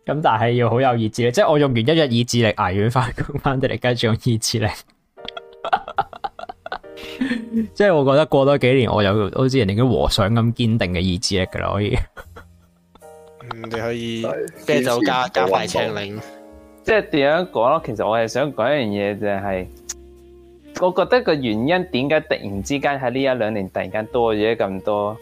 咁但係要好有意志力，即、就、係、是、我用完一日意志力捱完翻工翻，得嚟繼續用意志力。即 係我覺得過多幾年，我就好似人哋啲和尚咁堅定嘅意志力噶啦，可以。嗯、你可以即係加加快精力。即係點樣講咯？其實我係想講一樣嘢就係、是，我覺得個原因點解突然之間喺呢一兩年突然間多咗咁多。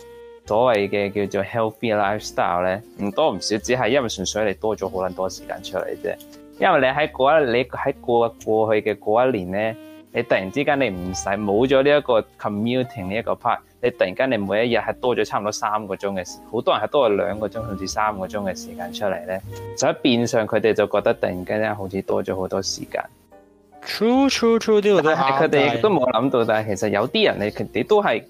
所謂嘅叫做 healthy lifestyle 咧，唔多唔少，只係因為純粹你多咗好撚多時間出嚟啫。因為你喺嗰一，你喺過過去嘅嗰一年咧，你突然之間你唔使冇咗呢一個 commuting 呢一個 part，你突然間你每一日係多咗差唔多三個鐘嘅，好多人係多咗兩個鐘甚至三個鐘嘅時，時間出嚟咧。就喺變相，佢哋就覺得突然間咧，好似多咗好多時間。True，true，true，都係佢哋亦都冇諗到，但係其實有啲人你佢都係。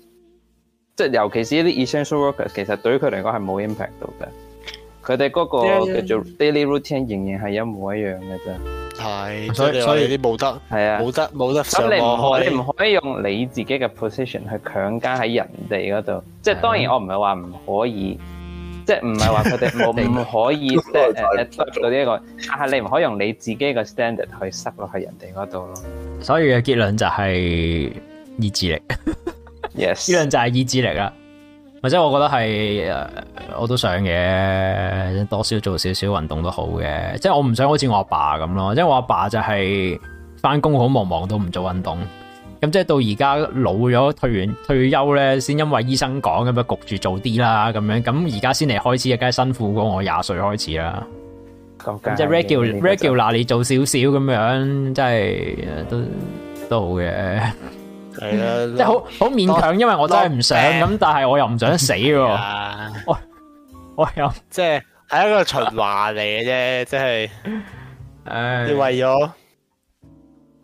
即係尤其是一啲 essential workers，其實對於佢嚟講係冇 impact 到嘅，佢哋嗰個叫做 daily routine 仍然係一模一樣嘅啫。係，所以所以啲冇得，係啊，冇得冇得上岸。你唔可以用你自己嘅 position 去強加喺人哋嗰度。即係當然我唔係話唔可以，即係唔係話佢哋唔可以，即係呢一個。但係你唔可以用你自己嘅 standard 去塞落去人哋嗰度咯。所以嘅結論就係意志力。呢 Yes. 樣就係意志力啦，或者我覺得係，我都想嘅，多少做少少運動都好嘅，即係我唔想好似我阿爸咁咯，即係我阿爸，爸就係翻工好忙忙到唔做運動，咁即係到而家老咗退完退休咧，先因為醫生講咁樣焗住做啲啦，咁樣咁而家先嚟開始啊，梗係辛苦過我廿歲開始啦，即係 regular regular 你做少少咁樣，真係都都好嘅。係啦， 即係好好勉強，因為我真係唔想咁， 但係我又唔想死喎。我我又即係係一個循環嚟嘅啫，即係 你為咗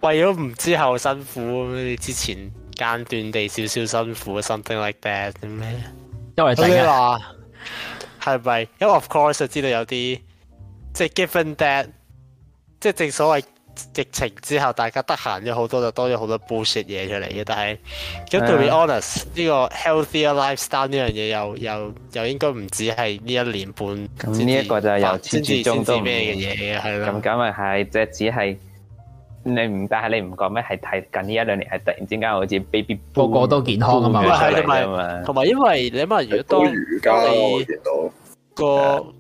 為咗唔之後辛苦，你之前間斷地少少辛苦，something like that 啲咩？因為啲話係咪？因為 of course 就知道有啲即係 given that，即係正所謂。疫情之後，大家得閒咗好多，就多咗好多 bullshit 嘢出嚟嘅。但係咁，to be honest，呢個 healthier lifestyle 呢樣嘢又又又應該唔止係呢一年半，嗯。咁呢一個就係由始至終都咩嘢係咯？咁梗係係，即係、就是、只係你唔但係你唔覺咩？係睇近呢一兩年係突然之間好似 baby 個個都健康啊嘛，同埋同埋，因為你諗下，如果當係個。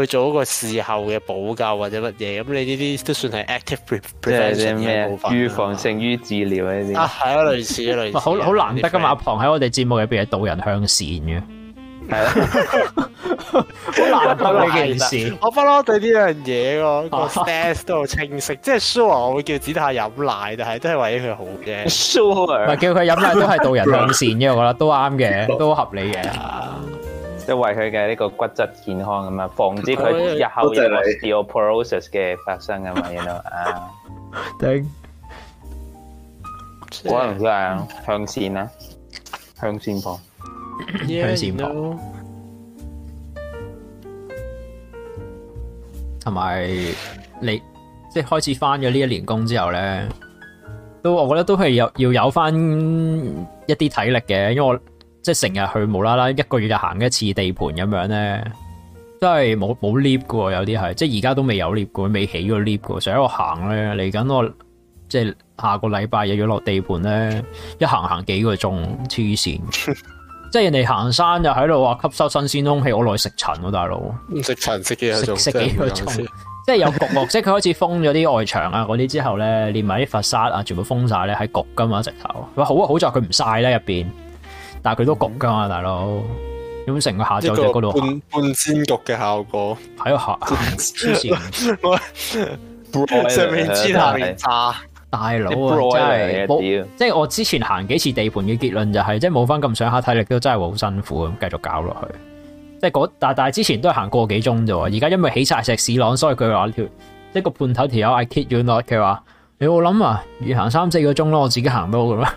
去做一個事後嘅補救或者乜嘢，咁你呢啲都算係 Active Prevention 嘅部分，預防勝於治療呢啲。啊，係啊，類似啊，類似。好好難得噶嘛，阿龐喺我哋節目入邊係導人向善嘅，係啊，好難得呢件事。我不嬲對呢樣嘢個 stance 都好清晰，即係 Sure，我會叫 Gtai 飲奶，但係都係為咗佢好嘅。Sure，唔係叫佢飲奶都係導人向善嘅，因為我覺得都啱嘅，都合理嘅。即係為佢嘅呢個骨質健康咁啊，防止佢日後有 osteoporosis 嘅發生啊嘛，然後 啊，頂，Damn. 可能佢係向線啦，向線旁，向線旁，同埋、yeah, you know. 你即係開始翻咗呢一年工之後咧，都我覺得都係有要有翻一啲體力嘅，因為我。即係成日去冇啦啦一個月就行一次地盤咁樣咧，都係冇冇 lift 嘅，有啲係，即係而家都未有 lift 嘅，未起個 lift 嘅。喺我行咧，嚟緊我即係下個禮拜又要落地盤咧，一行行幾個鐘，黐線！ 即係人哋行山就喺度話吸收新鮮空氣，我落去食塵咯，大佬！食塵食幾？食食幾個鐘？即係有焗，焗， 即佢開始封咗啲外牆啊，嗰啲之後咧，連埋啲佛沙啊，全部封晒咧，喺焗噶嘛直頭。好啊，好在佢唔晒啦，入邊。但係佢都焗噶嘛，啊，嗯、大佬，咁成個下晝喺嗰度，半半煎焗嘅效果，喺下黐線，下面 大佬啊，真係是，不即係我之前行幾次地盤嘅結論就係、是，即係冇翻咁上下體力都真係好辛苦咁繼續搞落去，即係嗰但係但係之前都係行過幾鐘啫，而家因為起晒石屎廊，所以佢話呢條個半頭條友 I kid you not，佢話，你我諗啊，要行三四個鐘咯，我自己行都噶啦，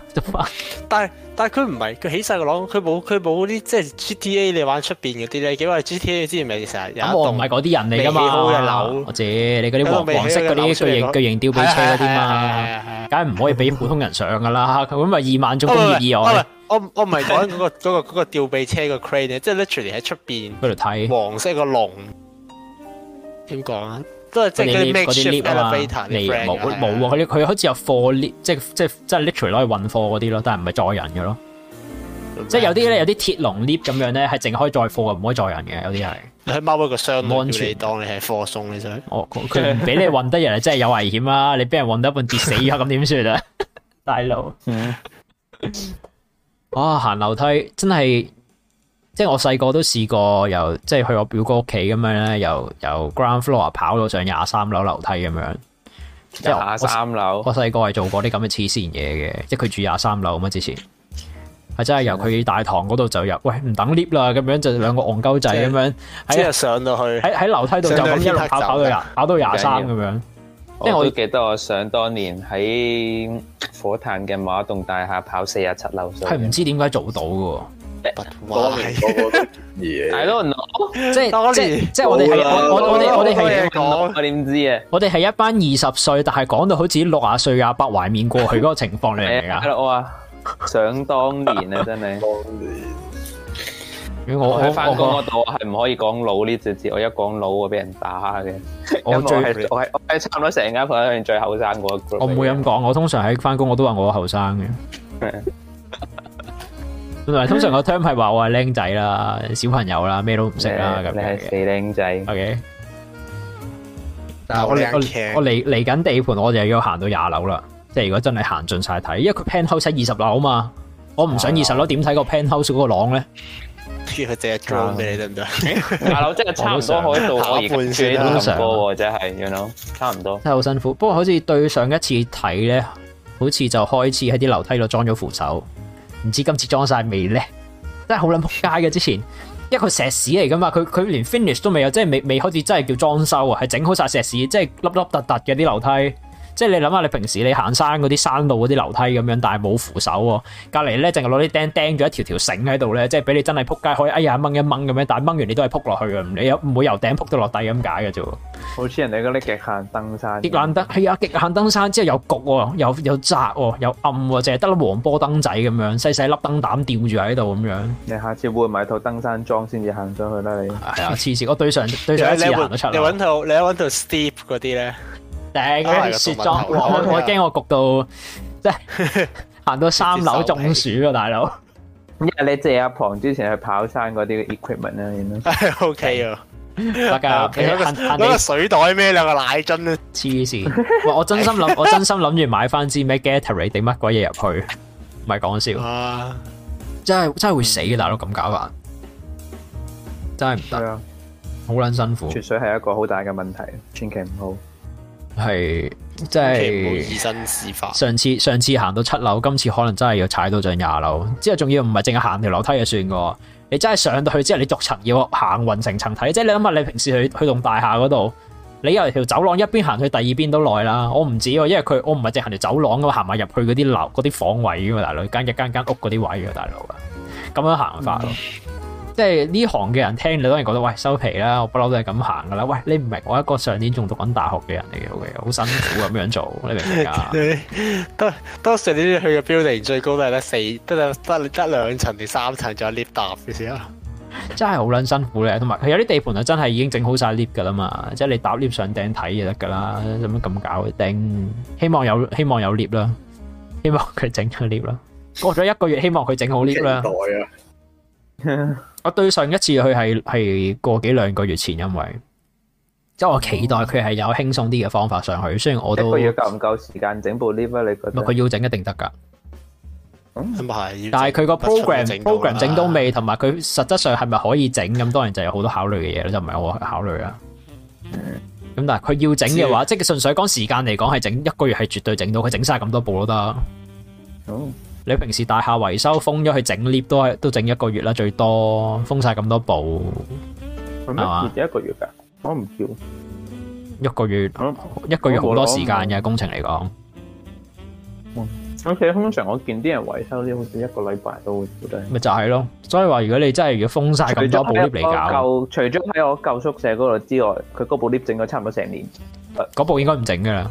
但係。但係佢唔係佢起晒個籠，佢冇佢冇啲即係 GTA 你玩出邊嗰啲咧，因為 GTA 之前咪成日有一棟未起好嘅樓，或者、啊啊啊、你嗰啲黃，黃色嗰啲巨型巨型吊臂車嗰啲嘛，梗係唔可以俾普通人上噶啦，佢咁咪二萬種工業意外、啊啊啊。我我唔係講嗰個嗰、 嗰個嗰個、吊臂車個 crane 即係 literally 喺出邊睇黃色個籠點講啊？都係即係啲嗰啲 lift 啦，你冇冇佢佢好似有貨 lift，即係即係即係 literally 攞去運貨嗰啲咯，但係唔係載人嘅咯。即係有啲咧，有啲鐵籠 lift 咁樣咧，係淨可以載貨嘅，唔可以載人嘅。有啲係你喺貓一個箱安全，當你係貨送你上去。哦，佢唔俾你運得人，真係有危險啊！ 你俾人運得一半跌死咁點算啊？大佬， 啊，行樓梯真係～即係我細個都試過由，又即係去我表哥屋企咁樣咧，由 ground floor 跑到上廿三樓樓梯咁樣。廿三樓，23 我細個係做過啲咁嘅黐線嘢嘅，即係佢住廿三樓咁之前係真係由佢大堂嗰度走入，喂唔等 lift 啦，咁樣就兩個戇鳩仔咁樣，即係是在上到去喺喺樓梯度就咁一路跑跑到廿，跑到廿三咁樣。即係好我記得，我想當年喺火炭嘅馬棟大廈跑四十七樓，係唔知點解做到嘅。不懷念，係咯，即係即係即係我哋我我我哋我哋係我點知啊？我哋係一班二十歲，但係講到好似六廿歲啊，不懷緬過去嗰個情況你明唔明啊？係咯，我話想當年啊，真係。當年。我喺翻工嗰度係唔可以講老呢隻字，我一講老我會俾人打嘅。我係我係我係差唔多成間鋪入面最後生嗰個。我唔會咁講，我通常喺翻工我都話我後生嘅。同埋通常我聽係話我係靚仔啦，小朋友啦，咩都唔識啦咁樣你係死靚仔。OK，但係我我嚟嚟緊地盤，我就要行到廿樓啦。即係如果真係行盡晒睇，因為佢 penthouse 喺二十樓啊嘛，我唔上二十樓點睇個 penthouse 嗰個廊咧？佢借鑊俾你得唔得？大佬真係差唔多可以到，啊、我而家住喺東真係，you know，差唔多，真係好辛苦。不過好似對上一次睇咧，好似就開始喺啲樓梯度裝咗扶手。唔知今次裝晒未呢？真係好撚撲街嘅。之前因為佢石屎嚟噶嘛，佢佢連 finish 都未有，即係未未開始，真係叫裝修啊，係整好晒石屎，即係凹凹凸凸嘅啲樓梯。即係你諗下，你平時你行山嗰啲山路嗰啲樓梯咁樣，但係冇扶手喎、啊。隔籬咧，淨係攞啲釘釘住一條條繩喺度咧，即係俾你真係撲街可以哎呀掹一掹咁樣，但係掹完你都係撲落去嘅，唔，你唔會由頂撲到落地咁解嘅啫。好似人哋嗰啲極限登山，極限登係啊，極限登山之後有焗喎、啊，有又窄喎、啊，又暗喎、啊，淨係得粒黃波燈仔咁樣，細細粒燈膽吊住喺度咁樣。你下次會買套登山裝先至行上去呢你？係啊、哎，次次我對上你對上一次行出嚟，你揾套你揾套 steep 嗰啲咧。頂，雪裝我我驚我焗到即係行到三樓中暑啊！大佬，咁啊你借阿龐之前去跑山嗰啲 equipment 啊？係 OK 啊，得噶，攞個水袋咩兩個奶樽啊！黐線，哇！我真心諗，我真心諗住買翻支咩 generator 定乜鬼嘢入去，唔係講笑，真係真係會死啊！大佬咁搞法，真係唔得，好撚辛苦。儲水係一個好大嘅問題，千祈唔好。係即係以身試法。上次上次行到七樓，今次可能真係要踩到上廿樓。之後仲要唔係淨係行條樓梯就算噶，你真係上到去之後，你逐層要行勻成層睇。即係你諗下，你平時去去棟大廈嗰度，你由條走廊一邊行去第二邊都耐啦。我唔止，因為佢我唔係淨行條走廊咁行埋入去嗰啲樓嗰啲房位噶嘛，大佬間一間間屋嗰啲位嘅大佬啊，咁樣行法咯。嗯即係呢行嘅人聽，你當然覺得喂收皮啦！我不嬲都係咁行噶啦。喂，你唔明我一個上年仲讀緊大學嘅人嚟嘅，好辛苦咁樣做， 你明唔明啊？多多你去嘅 building 最高都係得四，得得得兩層定三層仲有 lift 搭嘅時候，真係好撚辛苦咧。同埋佢有啲地盤啊，真係已經整好曬 lift 噶啦嘛，即係你搭 lift 上頂睇就得噶啦。做乜咁搞？頂，希望有希望有 lift 啦，希望佢整咗 lift 啦。過咗一個月，希望佢整好 lift 啦。期待啊！ 我對上一次佢係係個幾兩個月前，因為即係我期待佢係有輕鬆啲嘅方法上去，雖然我都一個月夠唔夠時間整部 lift？不你佢唔係佢要整一定得㗎，咁係，但係佢個 program program 整到未，同埋佢實質上係咪可以整咁，當然就有好多考慮嘅嘢咧，就唔係我考慮啦。咁但係佢要整嘅話，即係純粹講時間嚟講，係整一個月係絕對整到，佢整晒咁多部都得。你平時大廈維修封咗去整 lift 都係都整一個月啦，最多封晒咁多部係嘛？幾多一個月噶？我唔知，一個月，一個月好多時間嘅工程嚟講。嗯，其實通常我見啲人維修啲，好似一個禮拜都會做得。咪就係咯，所以話如果你真係要封晒咁多部 lift 嚟搞，舊除咗喺我舊宿舍嗰度之外，佢嗰部 lift 整咗差唔多成年，嗰部應該唔整噶啦。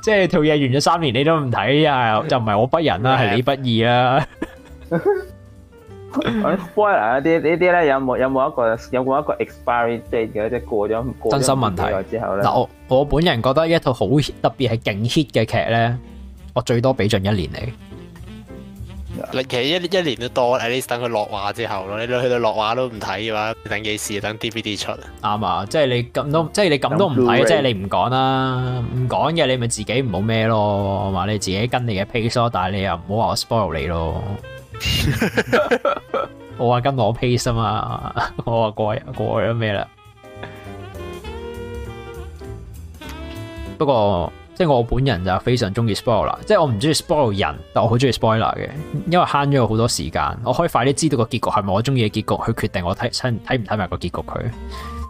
即係套嘢完咗三年，你都唔睇啊？就唔係我不仁啦，啊，係 你不義啦、啊。 Boy，呢啲呢啲咧有冇有冇一個有冇一個 expiry date 即係、過咗、過咗真心問題，幾年之後咧？嗱，我我本人覺得呢一套好特別係勁 hit 嘅劇咧，我最多俾盡一年你。其實一一年都多，at least 等佢落畫之後咯。你去到落畫都唔睇嘅話，等幾時等 D D？等 DVD 出。啱啊，即係你咁都即係你咁都唔睇，即係你唔講啦，唔講嘅你咪自己唔好咩咯，嘛，你自己跟你嘅 pace 咯，但係你又唔好話我 spoil 你咯。 我話跟我 pace 啊嘛，我話過過咗咩啦？不過。即係我本人就非常中意 spoiler，即係我唔中意 spoiler 人，但我好中意 spoiler 嘅，因為慳咗好多時間，我可以快啲知道個結局係咪我中意嘅結局，去決定我睇睇唔睇埋個結局佢。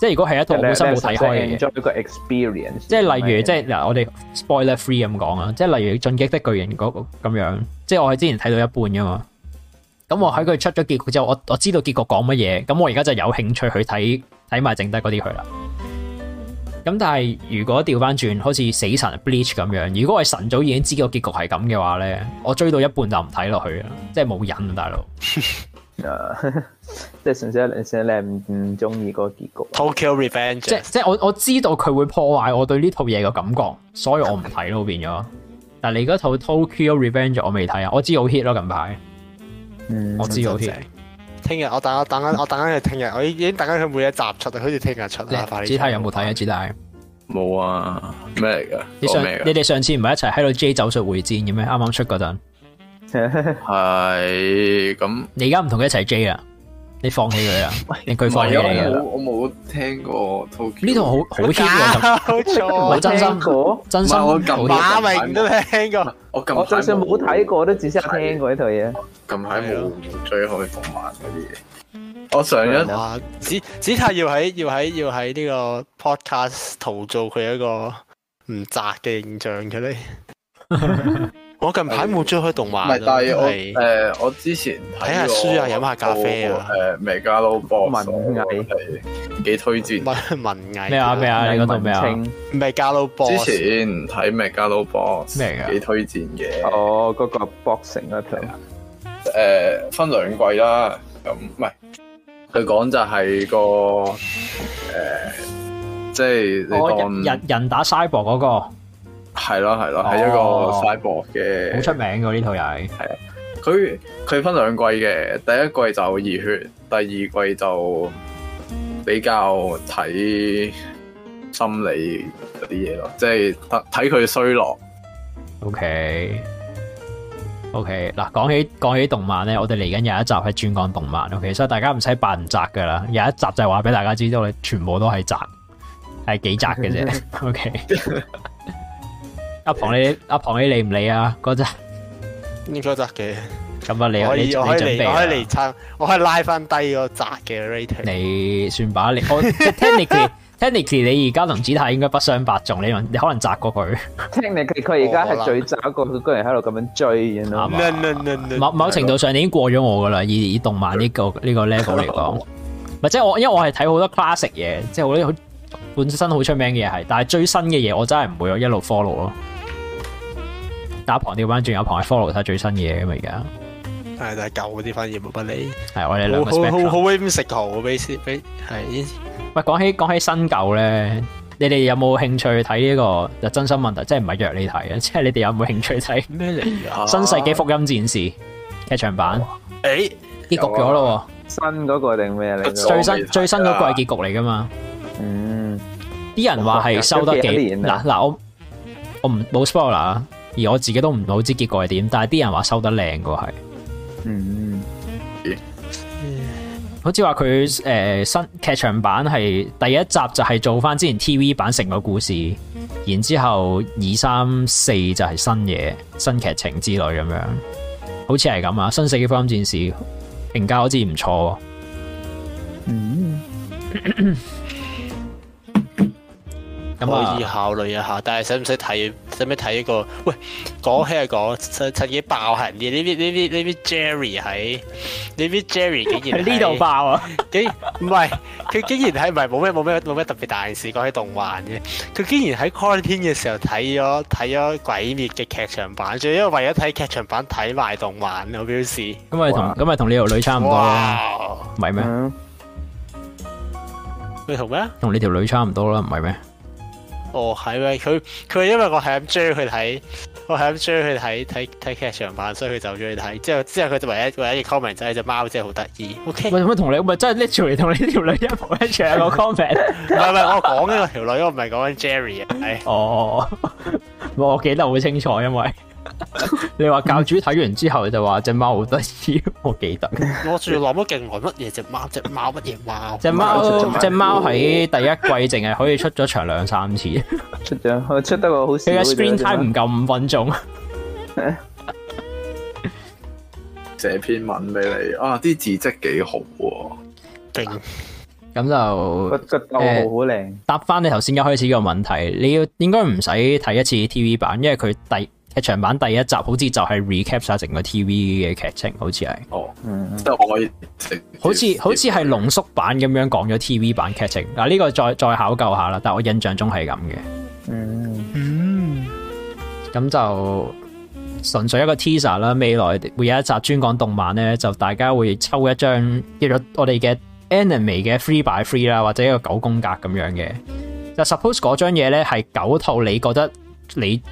即係如果係一套我本身冇睇開嘅，你係,你係享受嗰個 experience，即係例如即係嗱，我哋 spoiler free 咁講啊，即係例如《進擊的巨人》嗰個咁樣，即係我係之前睇到一半噶嘛，咁我喺佢出咗結局之後，我我知道結局講乜嘢，咁我而家就有興趣去睇睇埋剩低嗰啲佢啦。咁但係如果調翻轉，好似死神 bleach 咁樣，如果係神早已經知個結局係咁嘅話咧，我追到一半就唔睇落去啦，即係冇癮大佬。即係純粹係你唔唔中意嗰個結局。Tokyo Revenge 即係即係我我知道佢會破壞我對呢套嘢嘅感覺，所以我唔睇咯變咗。但係你嗰套 Tokyo Revenge 我未睇啊，我知好 hit 咯近排，我知好 hit。嗯聽日我等我等緊我等緊佢聽日，我已經等緊佢每一集出啦，好似聽日出啊快啲！《紫太》有冇睇《紫太》？冇啊，咩嚟㗎？你上你哋上次唔係一齊喺度 J 咒術迴戰嘅咩？啱啱出嗰陣係咁， 你而家唔同佢一齊 J 啦。你放棄佢啊？令佢放棄你啊？我冇，我冇聽過呢套好好 Q 啊！冇聽過，冇聽過。冇真心過，真心過，馬明都聽過。我我就算冇睇過，都只識聽過呢套嘢。近排冇追開動漫嗰啲嘢。我上一話，紫紫塔要喺要喺要喺呢個 podcast 塗造佢一個唔雜嘅形象嘅咧。我近排冇追開動畫，唔係，但係我誒是、呃，我之前睇下書啊，飲下咖啡啊，誒、那個呃、Megalo Box 文藝係幾推薦，文文藝咩啊咩啊，你嗰度咩啊？Megalo Box 之前睇 Megalo Box 咩啊？幾推薦嘅，哦，嗰、那個 boxing 啊誒、呃、分兩季啦，咁唔係佢講就係個誒、呃、即係你當、哦、人人，人打 cyber 嗰、那個。係咯，係咯，係、哦、一個賽博嘅，好、哦、出名噶呢套嘢。係佢佢分兩季嘅，第一季就熱血，第二季就比較睇心理啲嘢咯，即係睇佢衰落。O K O K 嗱，講起講起動漫咧，我哋嚟緊有一集係專講動漫，O、okay, K，所以大家唔使扮唔宅噶啦，有一集就係話俾大家知道，你全部都係宅，係幾宅嘅啫。 o okay K 阿龐你，阿龐你理唔理啊？嗰窒，呢嗰窒嘅咁啊，你你你準備，我可以我可以拉翻低嗰窒嘅 rating，你算吧，你我 Technically，Technically，你而家同 Gtai 應該不相伯仲，你可能窒過佢。Technically，佢而家係最窒一個佢居然喺度咁樣追，某某程度上你已經過咗我噶啦，以以動漫呢個呢個 level 嚟講。或者我因為我係睇好多 classic 嘢，即係好啲本身好出名嘅嘢係，但係最新嘅嘢我真係唔會一路 follow 咯。打旁釣班，仲有旁係 follow 睇最新嘢咁啊！而家係，但係舊嗰啲反而冇乜理。係我哋兩好好好，好食俾先俾係。喂，講起講起新舊咧，你哋有冇興趣睇呢個？就真心問題，即係唔係約你睇啊！即係你哋有冇興趣睇咩嚟？新世紀福音戰士劇場版。誒，欸，結局咗咯，啊。新嗰個定咩嚟？最新最新嗰個係結局嚟噶嘛？嗯，啲人話係收得幾嗱嗱，啊，我我唔冇 spoiler 而我自己都唔好知結果係點，但係啲人話收得靚嘅喎，係、嗯，嗯，好似話佢誒新劇場版係第一集就係做翻之前 TV 版成個故事，然之後二三四就係新嘢、新劇情之類咁樣，好似係咁啊！新世紀福音戰士評價好似唔錯喎。嗯嗯咳咳可以考慮一下，但係使唔使睇？使唔使睇呢個？喂，講起啊講，趁趁機爆下人啲。呢啲呢啲呢啲 Jerry 喺，呢啲 Jerry 竟然喺呢度爆啊！幾唔係？佢竟然喺唔係冇咩冇咩冇咩特別大事？講起動漫嘅，佢竟然喺開片嘅時候睇咗睇咗鬼滅嘅劇場版，仲要因為為咗睇劇場版睇埋動漫，我表示。咁咪同咁咪同你條女差唔多啦，唔係咩？佢同咩？同你條女差唔多啦，唔係咩？哦，係咩？佢佢因為我係咁追佢睇，我係咁追佢睇睇睇劇場版，所以佢就中意睇。之後之後佢就唯一唯一 comment 就係、是、隻貓很、OK? 真係好得意。O K，我同你唔係真係 literally 同你條女一模一樣個 comment？唔係唔係， 我講緊條女，我唔係講緊 Jerry 啊。係。哦，我 我記得好清楚，因為。 你話教主睇完之後就話隻貓好得意，我記得 我仲諗咗勁耐乜嘢隻貓？隻貓乜嘢貓？隻貓隻貓喺第一季淨係可以出咗場兩三次，出咗出得個好少。佢嘅 screen time 唔夠五分鐘。寫 篇文俾你啊！啲字跡幾好，勁咁害就好靚。啊、回答翻你頭先一開始個問題，你要應該唔使睇一次 TV 版，因為佢第。劇場版第一集好似就係 recap 晒成個 TV 嘅劇情，好似係哦，即係我可以好似好似係濃縮版咁樣講咗 TV 版劇情。嗱、啊、呢、呢個再再考究一下啦，但我印象中係咁嘅。嗯、mm，咁、hmm. 就純粹一個 teaser 啦。未來會有一集專講動漫咧，就大家會抽一張叫做我哋嘅 enemy 嘅 three by three 啦，或者一個九宮格咁樣嘅。就 suppose 嗰張嘢咧係九套，你覺得你？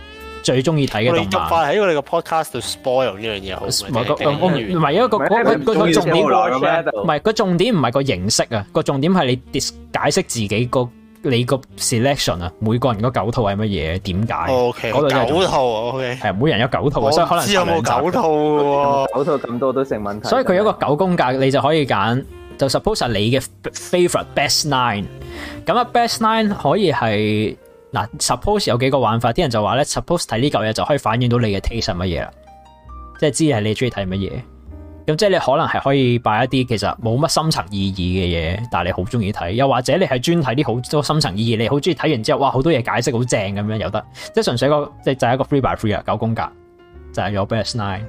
最中意睇嘅動畫，因為你個 podcast 度 spoil 呢樣嘢好。唔係個，唔係因為個嗰個個重點，唔係個重點，唔係個形式啊，個重點係你 dis 解釋自己個你個 selection 啊，每個人個九套係乜嘢？點解嗰兩套？九套，OK，係每人有九套啊，所以可能十兩集。我知有冇九套喎，九套咁多都成問題。所以佢有一個九宮格，你就可以揀，就 suppose 係你嘅 favourite best nine，咁啊 best nine 可以係。嗱，suppose 有幾個玩法，啲人就話咧，suppose 睇呢嚿嘢就可以反映到你嘅 taste 乜嘢啦，即係知係你中意睇乜嘢。咁即係你可能係可以擺一啲其實冇乜深層意義嘅嘢，但係你好中意睇。又或者你係專睇啲好多深層意義，你好中意睇完之後，哇，好多嘢解釋好正咁樣，又得。即係純粹個即係就係一個 three by three 啊，九宮格就係我 best nine。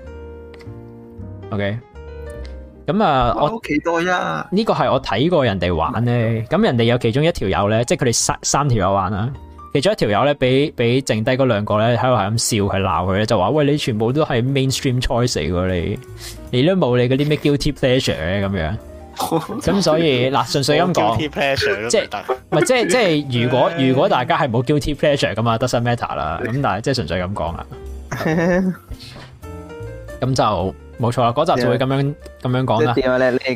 OK，咁啊，我，我期待啊。呢個係我睇過人哋玩咧，咁人哋有其中一條友咧，即係佢哋三三條友玩啊。其中一條友咧，俾俾剩低嗰兩個咧喺度係咁笑，係鬧佢咧，就話：喂，你全部都係 mainstream choice 嚟喎，你你都冇你嗰啲咩 guilty pleasure 嘅咁樣。咁 所以嗱， 純粹咁講， 即係唔係即係即係如果如果大家係冇 guilty pleasure 噶嘛， 得晒 matter 啦。咁但係即係純粹咁講啦。咁 就。冇錯啊，嗰集就會咁樣咁 Yeah. 樣講啦。你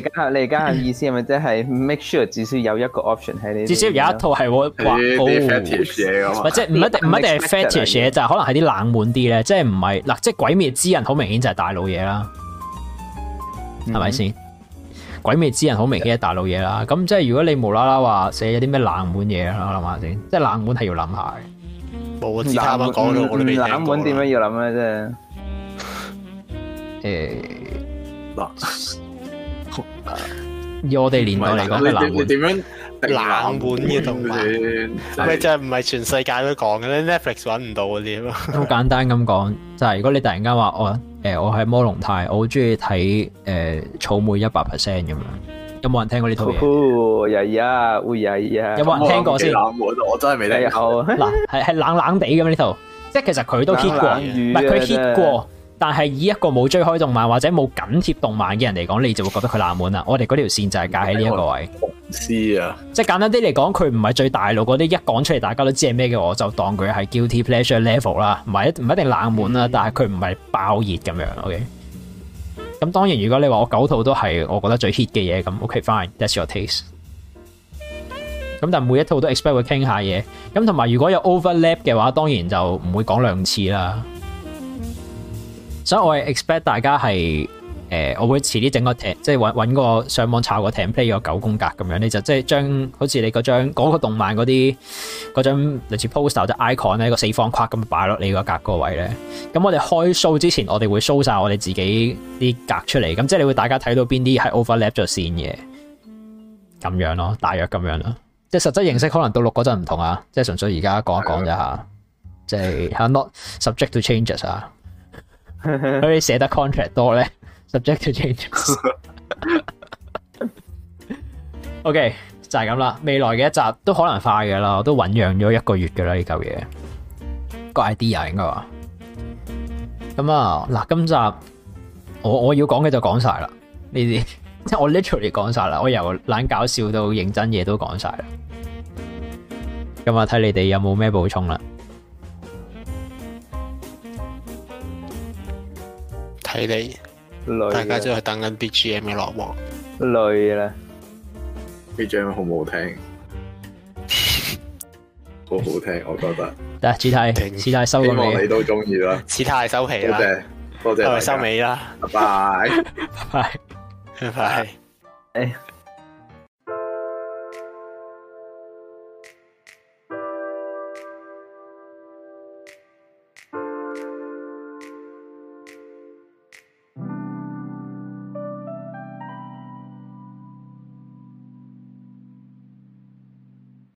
而家你而家嘅意思係咪即係 make sure 至少有一個 option 喺你，至少有一套係會畫好糊嘅。或者唔一定唔一定係 fetish 嘢是，就可能係啲冷門啲咧。即係唔係嗱，即係鬼滅之刃好明顯就係大路嘢啦，係咪先？鬼滅之刃好明顯係大路嘢啦。咁即係如果你無啦啦話寫咗啲咩冷門嘢，我諗下先。即係冷門係要諗下。冇冷門講到我未。冷門點樣要諗咧？即係。誒，嗱，以我哋年代嚟講，冷門，點樣冷門嘅動漫？咪就係唔係全世界都講嘅咧？Netflix 揾唔到嗰啲咯。好簡單咁講，就係如果你突然間話，我誒，我係摩龍泰，我好中意睇誒草莓一百 percent 咁樣，有冇人聽過呢套嘢？有啊，會啊，有冇人聽過先？最冷門，我真係未聽過。嗱，係係冷冷哋咁樣呢套，即係其實佢都 hit 過，唔係佢 hit 過。但係以一個冇追開動漫或者冇緊貼動漫嘅人嚟講，你就會覺得佢冷門啦。我哋嗰條線就係介喺呢一個位。啊，即係簡單啲嚟講，佢唔係最大路嗰啲，一講出嚟大家都知係咩嘅，我就當佢係 guilty pleasure level 啦，唔係唔一定冷門啦，嗯、但係佢唔係爆熱咁樣。OK，咁當然如果你話我九套都係我覺得最 hit 嘅嘢，咁 OK fine，that's your taste。咁但每一套都 expect 會傾下嘢，咁同埋如果有 overlap 嘅話，當然就唔會講兩次啦。所以我係 expect 大家係誒、呃，我會遲啲整個即係搵揾個上網查個 template 個九宮格咁樣，你就即係將好似你嗰張嗰、嗰個動漫嗰啲嗰張類似 poster 即 icon 呢個四方框咁擺落你個格個位咧。咁我哋開 show 之前，我哋會 show 晒我哋自己啲格，格出嚟，咁即係你會大家睇到邊啲係 overlap 咗線嘅，咁樣咯，大約咁樣咯。即係實質形式可能到錄嗰陣唔同啊，即係純粹而家講一講啫下， 即係 not subject to changes 啊。可以寫得 contract 多咧，subject to changes。 OK，就係咁啦，未來嘅一集都可能快嘅啦，我都醞釀咗一個月嘅啦呢嚿嘢。個 idea 應該話，咁啊嗱，今集我我要講嘅就講晒啦，呢啲即係我 literally 講晒啦，我由懶搞笑到認真嘢都講晒啦。咁啊睇你哋有冇咩補充啦？睇你，大家都係等緊啲 BGM 嘅落播，累啦。啲 BGM 好唔好聽？好好聽，我覺得。得，始態，始態收尾。希望你都中意啦。始態收皮啦，多謝，多謝。收尾啦，拜拜，拜拜，拜拜，誒。